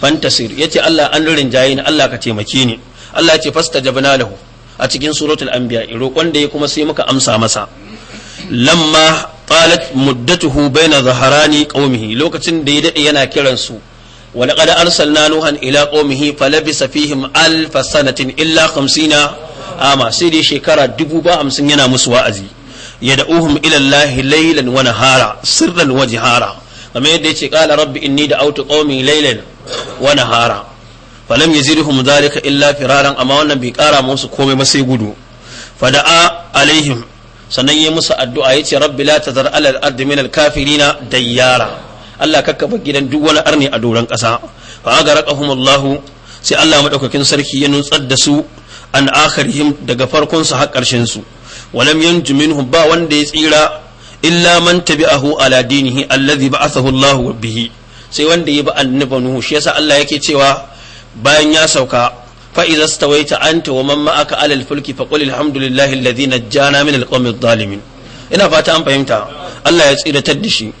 fantasir yace Allah an rinjayi ni Allah ka taimake ni Allah ya ce fastajabna lahu a cikin suratul anbiya roƙon da ya kuma sai muka amsa masa lamma qalat muddatuhu baina zaharani qaumihi lokacin da ya dade yana kiran su wa laqad arsalna nuhan ila qaumihi falabisa fihim alf sanatin illa 50 ama sai dai shekara dubu ba hamsin yana musu wa'azi yad'uhum ila Allah laylan wa nahara sirran wa hara kamar yadda yace qala rabbi inni da'awtu qaumi laylan wa nahara falam yazidhum dhalika illa firaran amma wannan bai kara musu komai ba sai gudu fada'a alaihim sannan yi musu addu'a yace rabbi la tazar alal ardi min al kafirina dayyara Allah kakkaba gidan duk wani arni a doron ƙasa fa aga raqahumullahu sai Allah madaukakin sarki ya nutsar da su an akharihim daga farkon su har ƙarshen su walam yanju minhum ba wanda ya tsira illa man tabi'ahu ala dinihi allazi ba'athahu Allah bihi sai wanda ya bi annabi nuhu shi yasa Allah yake cewa bayan ya sauka fa idza stawaita anta wa man ma'aka alal fulki fa qul alhamdulillahi alladhi najjana min alqawmi adh-dhalimin ina fata an fahimta Allah ya tsiratar da shi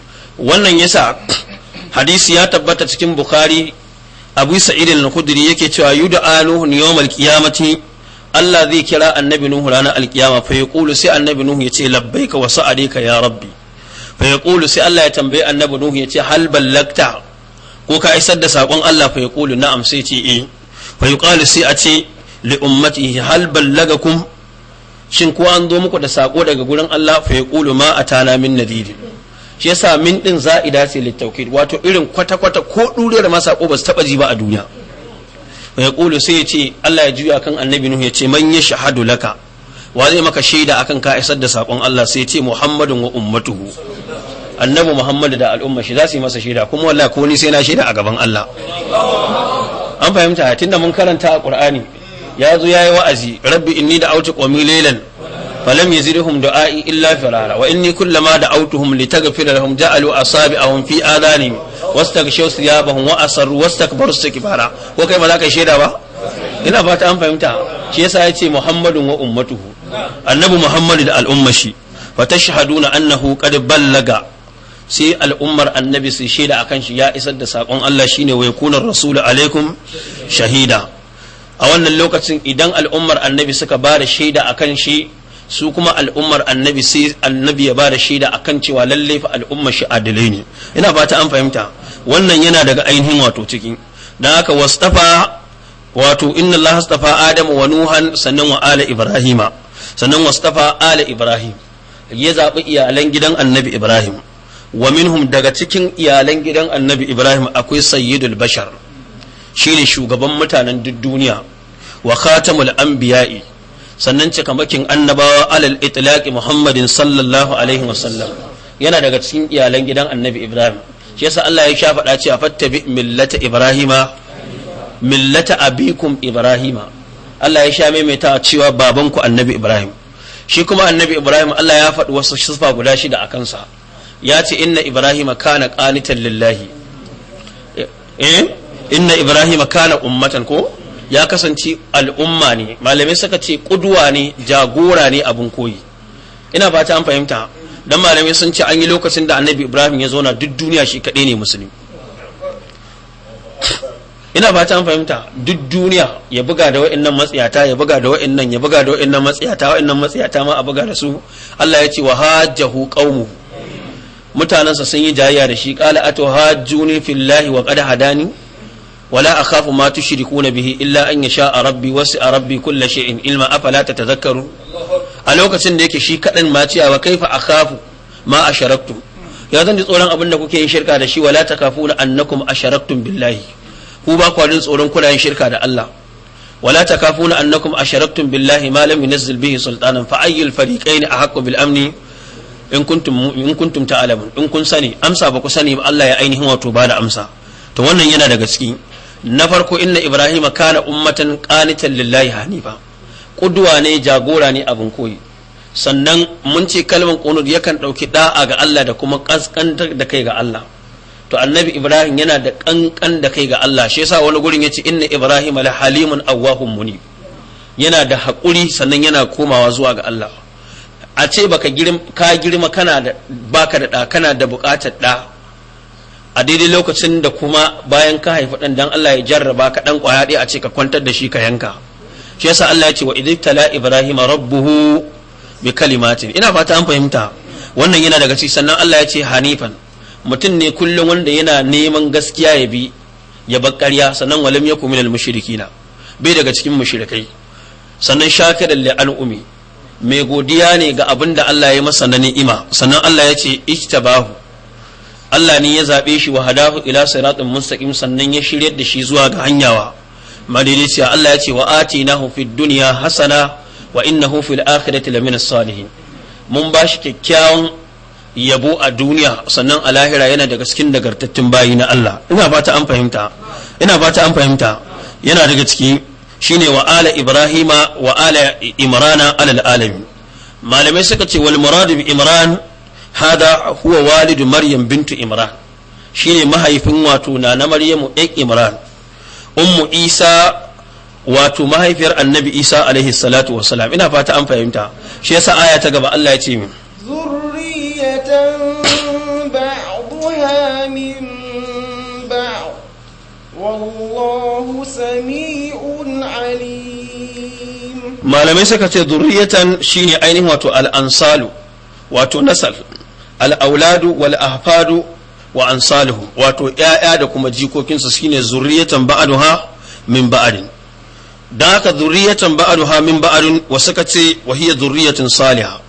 wannan yasa hadisi ya tabbata cikin bukhari abu sa'id al-khudri yake cewa yud'a nuhu yawmal qiyamati Allah zai kira annabi nuhu ranar alkiyama fa yaqulu sai annabi nuhu yace labbaika wa sa'adika ya rabbi fa ƙulu sai Allah ya tambayi annabi nuhu ya ce hal ballagta ko ka isar da saƙon Allah fa na na'am sai ce eh fa yuqalu sai a ce li ummatihi hal ballagakum shin ko an zo muku da saƙo daga gurin Allah fa ƙulu ma atana min didi shi yasa min din za'ida li littaukid wato irin kwata kwata ko dure da saƙo ba su taba ji ba a duniya fa ƙulu sai ya ce Allah ya juya kan annabi nuhu ya ce man yashhadu laka wa zai maka shaida akan ka isar da sakon Allah sai ya ce Muhammadun wa ummatuhu annabi muhammadu da al'umma shi za su yi masa shaida kuma wallahi ko ni sai na shaida a gaban Allah an fahimta tunda mun karanta a qur'ani ya zo yi wa'azi rabbi inni da autu qawmi laylan falam yazidhum du'a'i illa firara wa inni kullama da'awtuhum litaghfira lahum ja'alu asabi'ahum fi adanihim wastaghshaw thiyabahum wa asarru wastakbaru istikbara ko kai ba za ka shaida ba ina fata an fahimta shi yasa yace muhammadun wa ummatuhu annabi muhammadu da al'umma shi fatashhaduna annahu qad ballaga sai al'ummar annabi su shaida akan shi ya isar da sakon Allah shine wa yakuna rasulu alaikum shahida a wannan lokacin idan al'ummar annabi suka ba da shaida akan shi su kuma al'ummar annabi sai annabi ya ba da shaida akan cewa lallai fa al'ummar shi adalai ne ina fata an fahimta wannan yana daga ainihin wato cikin dan haka wastafa wato inna Allah astafa Adam wa Nuhan sannan wa ala Ibrahima sannan wastafa ala Ibrahim ya zaɓi iyalan gidan annabi Ibrahim wa minhum daga cikin iyalan gidan annabi ibrahim akwai sayyidul bashar shine shugaban mutanen duk duniya wa khatamul anbiya'i sannan cikamakin annabawa alal itlaqi muhammadin sallallahu alaihi wasallam yana daga cikin iyalan gidan annabi ibrahim shi yasa Allah ya sha faɗa cewa fattabi millata ibrahima millata abikum ibrahima Allah ya sha maimaita cewa babanku annabi ibrahim shi kuma annabi ibrahim Allah ya faɗi wasu sifa guda shida a kansa ya ce inna ibrahima kana qanitan lillahi eh inna ibrahima kana ummatan ko ya kasance al'umma ne malamai suka ce kuduwa ne jagora ne abin koyi ina fata an fahimta dan malamai sun ce an yi lokacin da annabi ibrahim ya zauna duk duniya shi kadai ne musulmi ina fata an fahimta duk duniya ya buga da wa'annan matsiyata ya buga da wa'annan ya buga da wa'annan matsiyata wa'annan matsiyata ma a buga da su Allah ya ce wa hajjahu qaumuhu mutanensa sun yi jayya da shi qala atuhajjuni fillahi wa qad hadani wala akhafu ma tushrikuna bihi illa an yasha rabbi a rabbi kulli shay'in ilma afala tatadhakkaru a lokacin da yake shi kadan ma cewa kaifa akhafu ma asharaktu ya zan ji tsoron abin da kuke yin shirka da shi wala takafuna annakum asharaktum billahi ku ba ku tsoron kuna yin shirka da Allah ولا تخافون billahi أشركتم بالله ما لم ينزل fa ayyul فأي الفريقين أحق بالأمن in kuntum in kuntum ta'lamun in kun sani amsa ba ku sani ba Allah ya ainihin wato ba da amsa to wannan yana daga ciki na farko inna ibrahima kana ummatan qanitan lillahi hanifa kudwa ne jagora ne abin koyi sannan mun ce kalmar qunut yakan dauki da'a ga Allah da kuma kaskantar da kai ga Allah to annabi ibrahim yana da kankan da kai ga Allah shi yasa wani gurin yace inna ibrahima la halimun awwahum munib yana da haƙuri sannan yana komawa zuwa ga Allah a ce baka ka girma kana da baka da ɗa kana da bukatar ɗa a daidai lokacin da kuma bayan ka haifi ɗan dan Allah ya jarraba ka ɗan ƙwaya a ce ka kwantar da shi ka yanka shi yasa Allah ya ce wa idibtala ibrahim rabbuhu bi kalimatin ina fata an fahimta wannan yana daga cikin sannan Allah ya ce hanifan mutum ne kullum wanda yana neman gaskiya ya bi ya bar ƙarya sannan walam yakum minal mushrikina bai daga cikin mushrikai sannan shakiran li al'umi mai godiya ne ga abin da Allah ya masa na ni'ima sannan Allah ya ce ijtabahu Allah ne ya zaɓe shi wa hadahu ila siratin mustaqim sannan ya shiryar da shi zuwa ga hanyawa madaidaiciya Allah ya ce wa atinahu fid dunya hasana wa innahu fil akhirati lamina salihin mun ba shi kyakkyawan yabo a duniya sannan a lahira yana daga cikin dagartattun bayi na Allah ina fata an fahimta ina fata an fahimta yana daga cikin shine wa ala ibrahima wa ala imrana alal alamin malamai suka ce wal muradu bi imran hada huwa walidu maryam bintu imran shine mahaifin wato na na maryamu ɗan imran ummu isa wato mahaifiyar annabi isa alaihi salatu wassalam ina fata an fahimta shi yasa aya ta gaba Allah ya ce min zurriyatan ba'daha min ba'd wallahu sami malamai suka ce zurriyatan shine ainihin wato al-ansalu wato nasal al-auladu wal ahfadu wa ansaluhu wato 'ya'ya da kuma jikokinsa shine zurriyatan ba'aduha min ba'adin da haka zurriyatan ba'aduha min ba'adin wa suka ce wa hiya zurriyatun salihah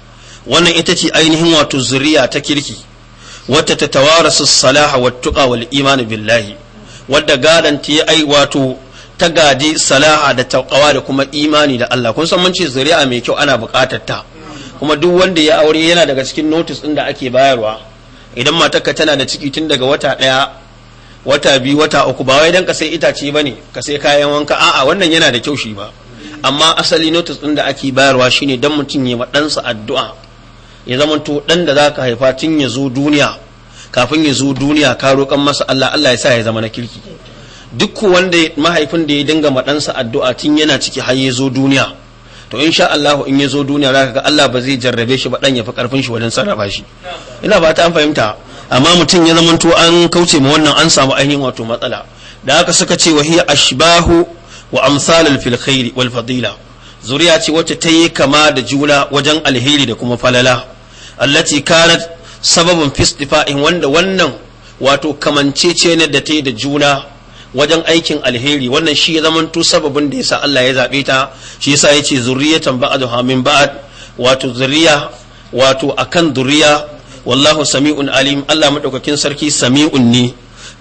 wannan ita ce ainihin wato zuriya ta kirki wata ta tawarasu salaha wa tuqa wal iman billahi wadda gadan ya yi ai wato ta gadi salaha da taqwa da kuma imani da Allah kun san mun ce zuri'a mai kyau ana buƙatar ta kuma duk wanda ya aure yana daga cikin notice din da ake bayarwa idan matarka tana da ciki tun daga wata ɗaya wata biyu wata uku ba wai dan ka sai itace bane ka sai kayan wanka a'a wannan yana da kyau shi ba amma asali notice din da ake bayarwa shine dan mutum ya dansa addu'a ya zama to dan da zaka haifa tun ya zo duniya kafin ya zo duniya ka roƙan masa Allah Allah ya sa ya zama na kirki duk wanda mahaifin da ya dinga maɗansa addu'a tun yana ciki har ya zo duniya to in sha Allah in ya zo duniya za ka ga Allah ba zai jarrabe shi ba dan ya fi karfin shi wajen sarrafa shi ina ba ta an fahimta amma mutum ya zamanto an kauce ma wannan an samu ainihin wato matsala da haka suka ce wa hiya ashbahu wa amsalul fil khair wal fadila zuriya ce wacce ta yi kama da juna wajen alheri da kuma falala allati kanat sababin fistifa'in wanda wannan wato kamancece ne da ta yi da juna wajen aikin alheri wannan shi ya zamanto sababin da yasa Allah ya zaɓe ta shi yasa yace zurriyatan ba'daha min ba'd wato zuriya wato akan zuriya wallahu sami'un alim Allah madaukakin sarki sami'un ne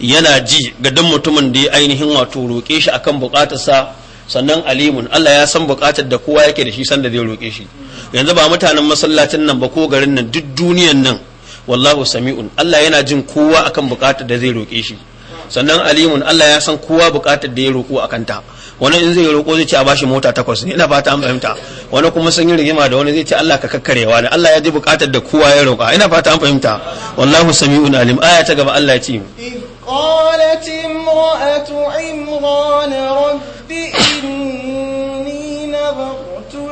yana ji ga don mutumin da ya ainihin wato roƙe shi akan buƙatarsa sannan alimun Allah ya san buƙatar da kowa yake da shi san da zai roƙe shi yanzu ba mutanen masallacin nan ba ko garin nan duk duniyan nan wallahu sami'un Allah yana jin kowa akan buƙatar da zai roƙe shi sannan alimun Allah ya san kowa buƙatar da ya roƙo a kanta wani in zai roƙo zai ce a bashi mota takwas ne ina fata an fahimta wani kuma sun yi rigima da wani zai ce Allah ka kakkarewa ne Allah ya ji buƙatar da kowa ya roƙa ina fata an fahimta wallahu sami'un alim aya ta gaba Allah ya ce قالت امرأة عمران رب إني نظرت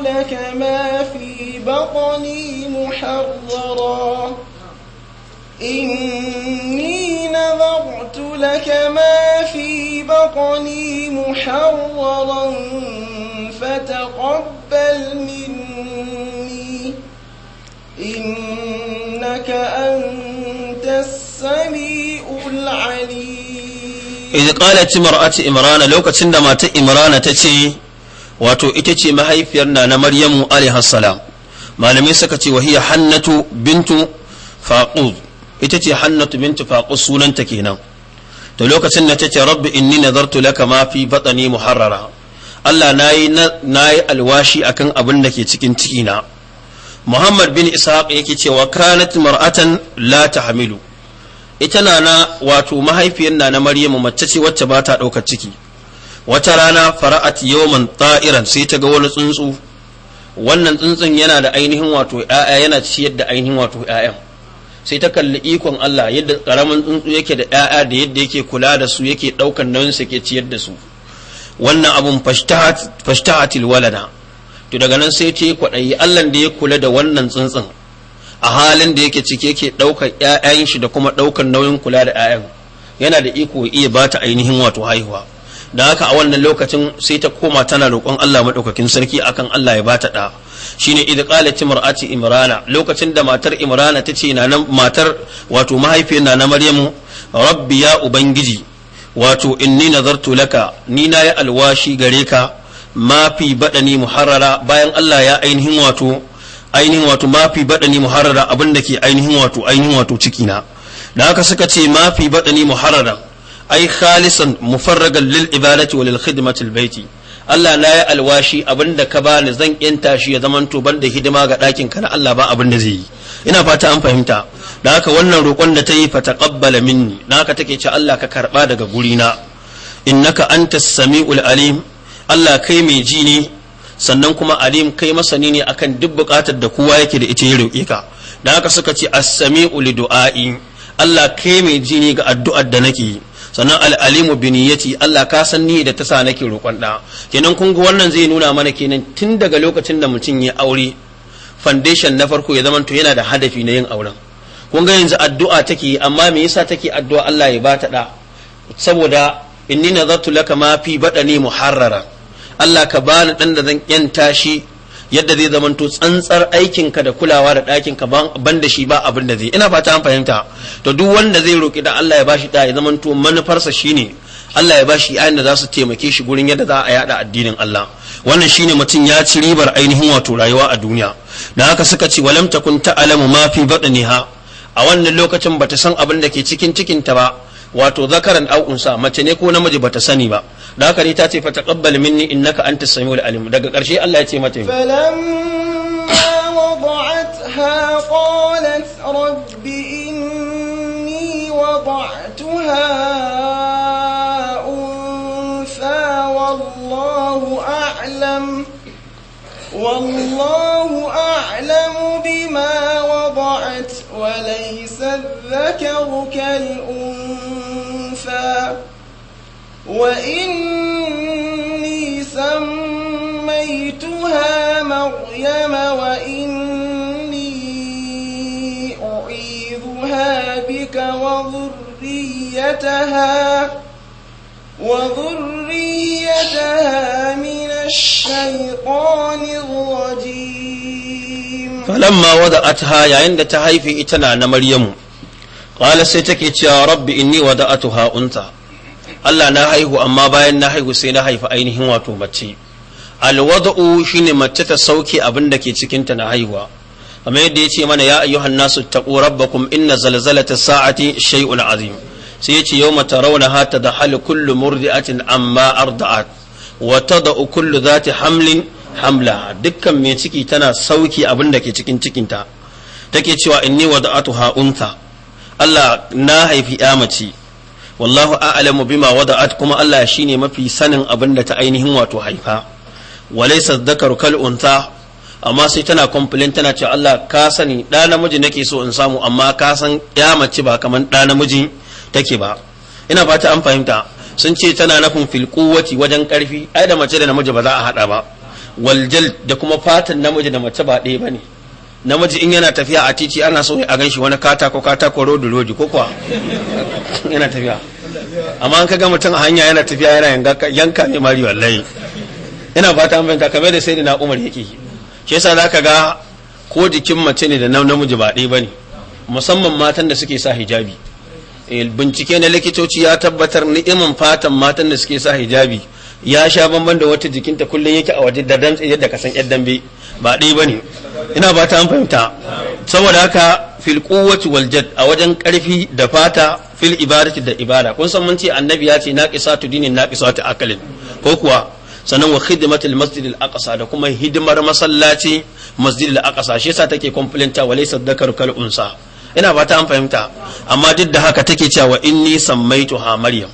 نذرت لك ما في بطني محررا فتقبل مني إنك أنت السميع العليم إذ قالت امرأة إمران لو كتند ما إمران تتي wato ita ce mahaifiyar na na Maryamu alaihi salam malamai suka ce wa hiya hannatu bintu faqud ita ce hannatu bintu faqus sunanta kenan to lokacin da ce rabbi inni nazartu laka ma fi batsani muharrara Allah nayi nayi alwashi a kan abin da ke cikin cikina Muhammad bin Ishaq yake cewa kanat mar'atan la hamilu ita na na wato mahaifiyar na na Maryamu mace ce wacce ba ta ɗaukar ciki wata rana fara'at yawman ta'iran sai ta ga wani tsuntsu wannan tsuntsun yana da ainihin wato 'ya'ya yana ciyar da ainihin wato 'ya'yan sai ta kalli ikon Allah yadda karamin tsuntsu yake da ƴaƴa da yadda yake kula da su yake ɗaukan nauyin su ke ciyar da su wannan abun fashtahatil walada to daga nan sai ta yi kwaɗayi Allah da ya kula da wannan tsuntsun a halin da yake cike yake ɗaukar ƴaƴan shi da kuma ɗaukan nauyin kula da ƴaƴan yana da iko iya bata ainihin wato haihuwa da haka a wannan lokacin sai ta koma tana roƙon Allah maɗaukakin sarki akan Allah ya bata ɗa, shine idh qalat imra'ati imrana lokacin da matar imrana tace na nan matar wato mahaifiyar na na maryamu rabbi ya ubangiji wato inni nazartu laka ni na yi alwashi gare ka ma fi badani muharrara bayan Allah ya ainihin wato ainihin wato mafi badani muharrara abin da ke ainihin wato ainihin wato na, da haka suka ce mafi baɗani muharrara ai khalisan mufarragan lil ibadati wa lil khidmati al baiti Allah na ya alwashi abinda ka bani zan yanta shi ya zaman to banda hidima ga dakin ka na Allah ba abin da zai yi ina fata an fahimta da haka wannan roƙon da ta yi fa taqabbala minni Da haka take ce Allah ka karba daga gurina innaka antas samiul alim Allah kai mai ji ne sannan kuma alim kai masani ne akan duk buƙatar da kowa yake da ita ya roƙe ka da haka suka ce as-sami'u li du'a'i Allah kai mai ji ne ga addu'ar da nake yi. sannan al'alimu bi Allah ka san ni da ta sa nake roƙon ɗa kenan kun ga wannan zai nuna mana kenan tun daga lokacin da mutum ya aure foundation na farko ya zama to yana da hadafi na yin auren kun ga yanzu addu'a take amma me yasa take addu'a Allah ya bata ɗa saboda inni nazartu laka ma fi badani muharrara Allah ka bani dan da zan yanta shi yadda zai zamanto tsantsar aikinka da kulawa da ɗakinka ban da shi ba abin da zai ina fata an fahimta to duk wanda zai roƙi da Allah ya bashi da ya zamanto manufarsa shine Allah ya bashi ayin da za su taimake shi gurin yadda za a yada addinin Allah wannan shine mutum ya ci ribar ainihin wato rayuwa a duniya da haka suka ce walam takun ta'lamu ma fi badniha a wannan lokacin bata san abin da ke cikin cikin ta ba wato zakaran au mace ne ko namiji bata sani ba da haka dai ta ce fa taqabbal minni innaka antas samiul alim daga karshe Allah ya ce mata falamma وضعتها قالت رب إني وضعتها أنثى والله أعلم والله أعلم بما وضعت وليس الذكر كالأنثى وإني سميتها مريم وإني أعيذها بك وذريتها وذريتها من الشيطان الرجيم فلما وضعتها يا عند تهيفي إتنا مريم قال سيتك يا رب إني وضعتها أنثى Allah na haihu amma bayan na haihu sai na haifi ainihin wato mace alwada'u shine mace ta sauke abin da ke cikinta na haihuwa kamar yadda ya ce mana ya ayyuhan nasu taqu rabbakum inna zalzalata sa'ati shay'un azim sai ya ce yawma tarawnaha tadhalu kullu murdi'atin amma arda'at wa tada'u kullu zati hamlin hamla dukkan mai ciki tana sauki abin da ke cikin cikinta take cewa inni wada'atuha untha Allah na haifi ya mace wallahu a'lamu bima wada'at kuma Allah shine mafi sanin abin da ta ainihin wato haifa walaysa dhakaru kal unta amma sai tana complain tana cewa Allah ka sani da namiji nake so in samu amma ka san ya mace ba kaman da namiji take ba ina fata an fahimta sun ce tana nafin fil quwwati wajen karfi ai da mace da namiji ba za a hada ba waljal da kuma fatan namiji da mace ba ɗaya bane namiji in yana tafiya a titi ana so a ganshi wani katako katako rodu rodu ko kuwa yana tafiya amma an kaga mutum a hanya yana tafiya yana yanka ne mari wallahi ina fata an fahimta kamar da sai na umar yake shi yasa zaka ga ko jikin mace ne da namiji ba ɗaya bane musamman matan da suke sa hijabi eh, bincike na likitoci ya tabbatar ni'imin fatan matan da suke sa hijabi ya sha bamban da wata jikinta kullum yake a waje da damtse yadda ka san yadda dambe ba ɗaya ba ne ina ba ta an fahimta saboda haka fil quwwati wal a wajen karfi da fata fil ibadati da ibada kun san mun ce annabi ya ce naqisatu dinin naqisatu akalin ko kuwa sannan wa khidmatul masjidil aqsa da kuma hidimar masallaci masjidil aqsa shi yasa take complainta walaysa dhakaru kal unsa ina ba ta an fahimta amma duk da haka take cewa inni ha maryam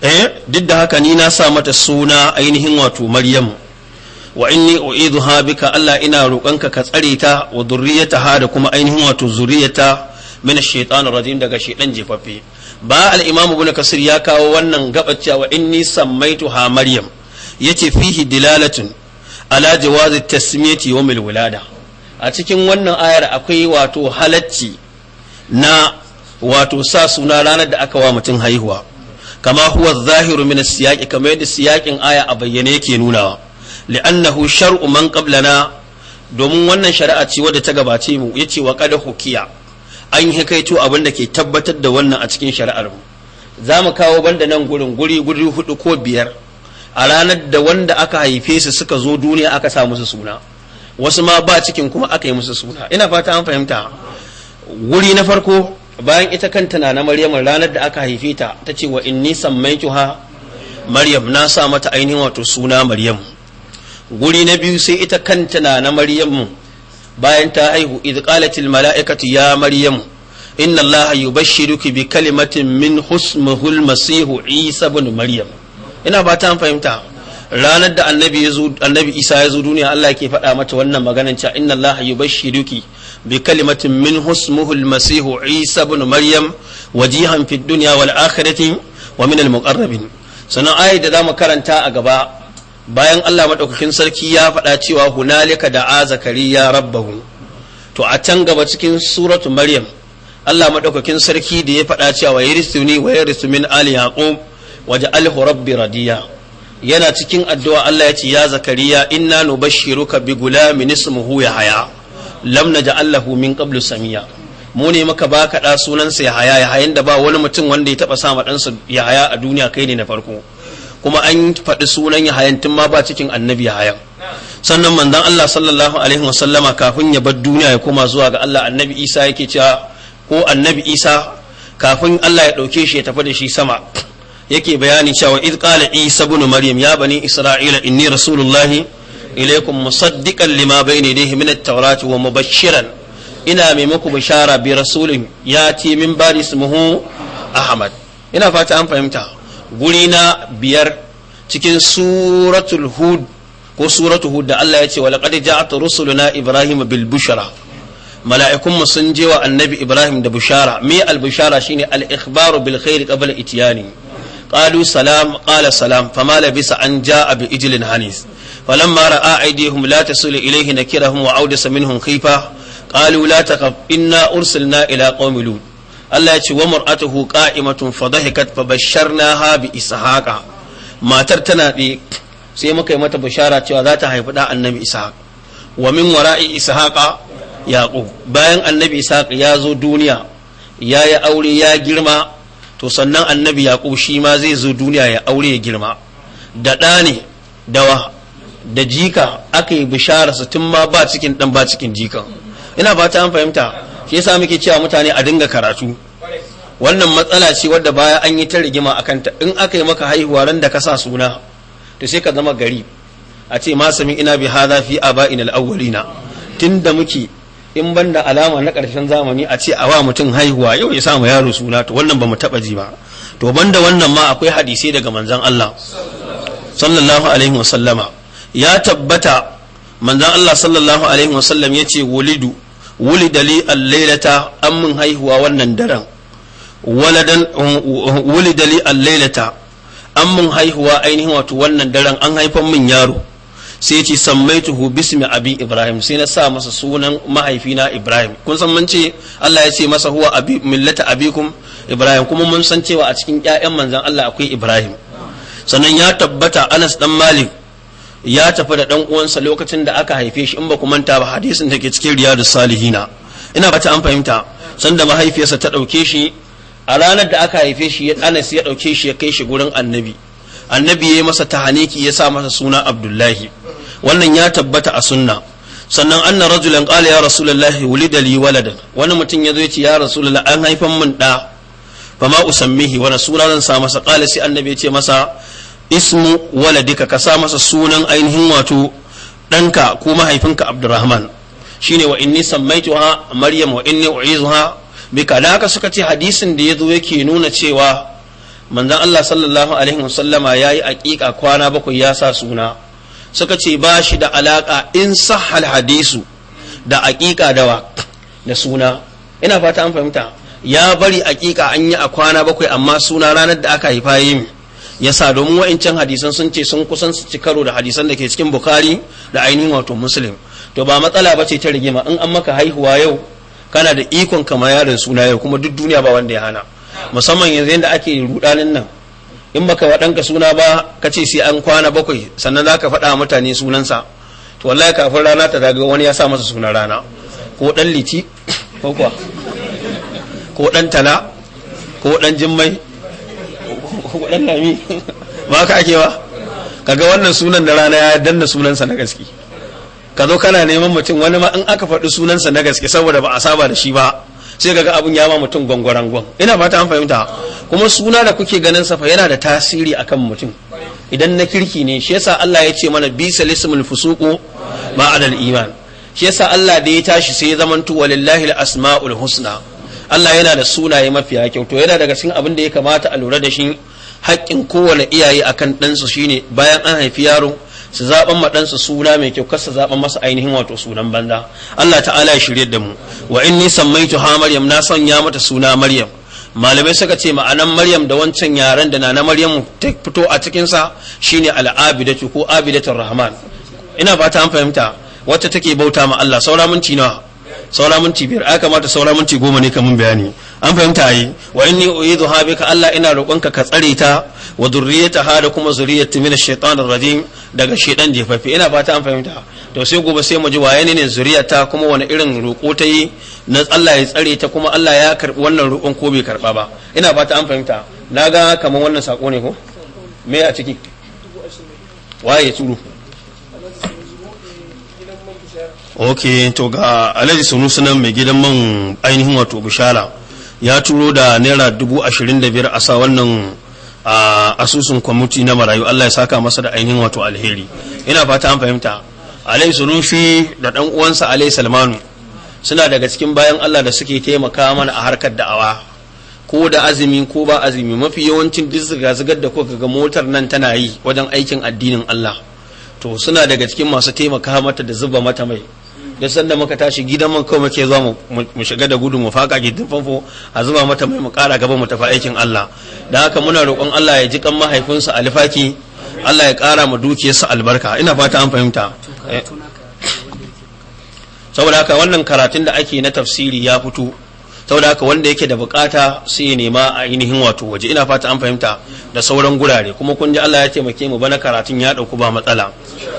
eh duk da haka ni na sa mata suna ainihin wato Maryamu. wa inni u'idha bika Allah ina roƙonka ka tsare ta wa zurriyataha da kuma ainihin wato zuriyata min ash-shaytan rajim daga shaytan jefaffe ba al-imam ibn kasir ya kawo wannan gaba wa inni ha maryam yace fihi dilalatun ala jawazi tasmiyati wa mil wulada a cikin wannan ayar akwai wato halacci na wato sa suna ranar da aka wa mutum haihuwa kama huwa zahiru min as-siyaqi kamar yadda siyaƙin aya a bayyane yake nunawa li'annahu shar'u man qablana domin wannan shari'a ce wadda ta gabace mu yace wa qad hukiya an yi kaito abin da ke tabbatar da wannan a cikin shari'ar mu za mu kawo banda nan gurin guri guri hudu ko biyar a ranar da wanda aka haife su suka zo duniya aka sa musu suna wasu ma ba cikin kuma aka yi musu suna ina fata an fahimta guri na farko bayan ita kanta na na maryam ranar da aka haife ta ta ce wa inni sammaituha maryam na sa mata ainihin wato suna maryam guri na biyu sai ita kanta na na maryamu bayan ta haihu idh qalatil mala'ikatu ya maryamu inna allaha yubashshiruki bi kalimatin min husmihul masihu isa ibn maryam ina ba ta fahimta ranar da annabi annabi isa ya zo duniya Allah yake faɗa mata wannan maganar cewa inna allaha yubashshiruki bi kalimatin min husmihul masihu isa ibn maryam wajihan fid dunya wal akhirati wa min al muqarrabin sannan ayat da mu karanta a gaba bayan Allah maɗaukakin sarki ya faɗa cewa hunalika da da'a zakariya rabbahu to a can gaba cikin suratu maryam Allah maɗaukakin sarki da ya faɗa cewa yarisuni wa yarisu min ali yaqub waj'alhu rabbi radiya yana cikin addu'a Allah ya ce ya zakariya inna nubashshiruka bi gulamin ismuhu yahya lam naj'al lahu min qablu samiya mu ne maka baka da sunan sa yahya yayin da ba wani mutum wanda ya taba sa ma dan sa yahya a duniya kai ne na farko kuma an faɗi sunan yahayan tun ma ba cikin annabi yahayan sannan manzon Allah sallallahu alaihi wasallama kafin ya bar duniya ya koma zuwa ga Allah annabi Isa yake cewa ko annabi Isa kafin Allah ya ɗauke shi ya tafi da shi sama yake bayani cewa id qala Isa ibn Maryam ya bani Isra'ila inni rasulullahi ilaikum musaddiqan lima bayna yadayhi min at-taurati wa mubashiran ina mai muku bishara bi rasulin ya ti min bari ismuhu Ahmad ina fata an fahimta guri na biyar cikin suratul hud ko suratul hud da Allah ya ce walaqad ja'at rusuluna ibrahim bil bushra mala'ikun mu sun je wa annabi ibrahim da bushara me al bushara shine al ikhbaru bil khair qabla itiyani qalu salam qala salam fama labisa an ja'a bi ijlin hanis فلما راى ايديهم لا تصل اليه نكرهم واودس منهم خيفه قالوا لا تخف انا ارسلنا الى قوم لوط Allah ya ce wa mar'atuhu qa'imatun fa dhahikat fa basharnaha bi ishaqa matar tana ɗi sai muka yi mata bishara cewa za ta haifi da annabi ishaq wa min wara'i ishaqa yaqub bayan annabi ishaq ya zo duniya ya yi aure ya girma to sannan annabi yaqub shi ma zai zo duniya ya aure ya girma da ɗa ne dawa da jika aka yi bishara su tun ma ba cikin ɗan ba cikin jikan ina fata an fahimta shi yasa muke cewa mutane a dinga karatu wannan matsala ce wadda baya an yi ta rigima a kanta in aka yi maka haihuwa ran da ka sa suna to sai ka zama gari a ce ma sami ina bi hadha fi aba'in al-awwalina tunda muke in banda alama na karshen zamani a ce a wa mutum haihuwa yau ya mu yaro suna to wannan ba mu taba ji ba to banda wannan ma akwai hadisai daga manzon Allah sallallahu alaihi wa ya tabbata manzon Allah sallallahu alaihi wa sallam yace walidu wuli dali al-lailata an mun haihuwa wannan daren waladan wuli dali al-lailata an mun haihuwa ainihin wato wannan daren an haifan min yaro sai ce sammaituhu bismi abi ibrahim sai na sa masa sunan mahaifina ibrahim kun san mun ce Allah ya ce masa huwa abi millata abikum ibrahim kuma mun san cewa a cikin ƴaƴan manzon Allah akwai ibrahim sannan ya tabbata Anas dan Malik ya tafi da dan uwansa lokacin da aka haife shi in ba ku manta ba hadisin da ke cikin riyadus salihina ina ba ta an fahimta sanda mahaifiyarsa ta dauke shi a ranar da aka haife shi Anas ya dauke shi ya kai shi gurin annabi annabi ya yi masa tahaniki ya sa masa suna Abdullahi wannan ya tabbata a sunna sannan anna rajulan qala ya rasulullahi wulida li waladan wani mutum ya zo ya ce ya rasulullahi an haifan min da fa ma usammihi wani rasulullahi sa masa qala sai annabi ya ce masa ismu waladika ka sa masa sunan ainihin wato ɗanka ko mahaifinka abdurrahman shine wa inni sammaituha maryam wa inni u'izuha bika da haka suka ce hadisin da ya zo yake nuna cewa manzon Allah sallallahu alaihi wasallama yayi aƙiƙa kwana bakwai ya sa suna suka ce ba shi da alaƙa in sahal hadisu da aƙiƙa dawa da suna ina fata an fahimta ya bari aƙiƙa an yi a kwana bakwai amma suna ranar da aka haifa yi yasa domin wa'incan hadisan sun ce sun kusan su ci karo da hadisan da ke cikin bukari da ainihin wato muslim to ba matsala ba ce ta rigima in an maka haihuwa yau kana da ikon kama yaron suna yau kuma duk duniya ba wanda ya hana musamman yanzu yadda ake rudanin nan in baka wa ɗanka suna ba ka ce sai an kwana bakwai sannan za ka faɗa mutane sunansa to wallahi kafin rana ta daga wani ya sa masa suna rana ko ɗan liti ko ko ɗan tala ko ɗan jimmai ko ba ka ake ba kaga wannan sunan da rana ya danna sunansa na gaske ka zo kana neman mutum wani ma in aka faɗi sunansa na gaske saboda ba a saba da shi ba sai kaga abun ya ma mutum gwangwaran gwang ina fata an fahimta kuma suna da kuke ganin sa fa yana da tasiri akan mutum idan na kirki ne shi yasa Allah ya ce mana bi salisul fusuqu ma iman shi yasa Allah da ya tashi sai ya zamanto walillahi asmaul husna Allah yana da sunaye mafiya kyau to yana daga cikin abin da ya kamata a lura da shi haƙƙin kowane iyaye a akan ɗansa shine bayan an haifi yaro su zaɓan ma ɗansa suna mai kyau kasa zaɓan masa ainihin wato sunan banza Allah ta'ala ya shirye da mu wa inni sammaitu ha maryam na sanya mata suna maryam malamai suka ce ma'anan maryam da wancan yaren da na na maryam ta fito a cikinsa shine al'abidatu ko abidatur rahman ina fata an fahimta wacce take bauta ma Allah saura minti nawa saura minti biyar aka kamata saura minti goma ne kamun bayani an fahimta yi wa inni uidu ha ka Allah ina roƙonka ka tsare ta wa zurriyata ha da kuma zurriyata min da rajim daga shaitan jefafi ina fata an fahimta to sai gobe sai mu ji waye ne zuriyata kuma wani irin roƙo ta yi na Allah ya tsare ta kuma Allah ya karbi wannan roƙon ko bai karba ba ina fata an fahimta na ga kamar wannan sako ne ko me a ciki waye tsuru ok to ga alhaji sunan mai gidan man ainihin wato bishala ya turo da naira dubu ashirin da biyar a sa wannan asusun kwamiti na marayu allah ya saka masa da ainihin wato alheri ina fata an fahimta alhaji shi da dan uwansa alhaji salmanu suna daga cikin bayan allah da suke taimaka mana a harkar da'awa ko da azumi ko ba azumi mafi yawancin duk zigar da kuka ga motar nan tana yi wajen aikin addinin allah to suna daga cikin masu taimaka mata da zuba mata mai da sanda muka tashi gidan man kawai muke zuwa mu shiga da gudu mu faka gidan famfo a zuba mata mai mu kara gaba mu tafi aikin Allah da haka muna roƙon Allah ya ji kan mahaifinsa alfaki Allah ya kara mu dukiyarsa albarka ina fata an fahimta eh. saboda haka wannan karatun da ake na tafsiri ya fito saboda haka wanda yake da bukata sai ya nema a ainihin wato waje ina fata an fahimta da sauran gurare kuma kun ji Allah ya taimake mu bana karatun ya dauku ba matsala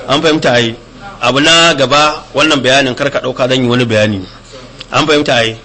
an fahimta yi abu na gaba wannan bayanin karka ɗauka zan yi wani bayani an fahimta ai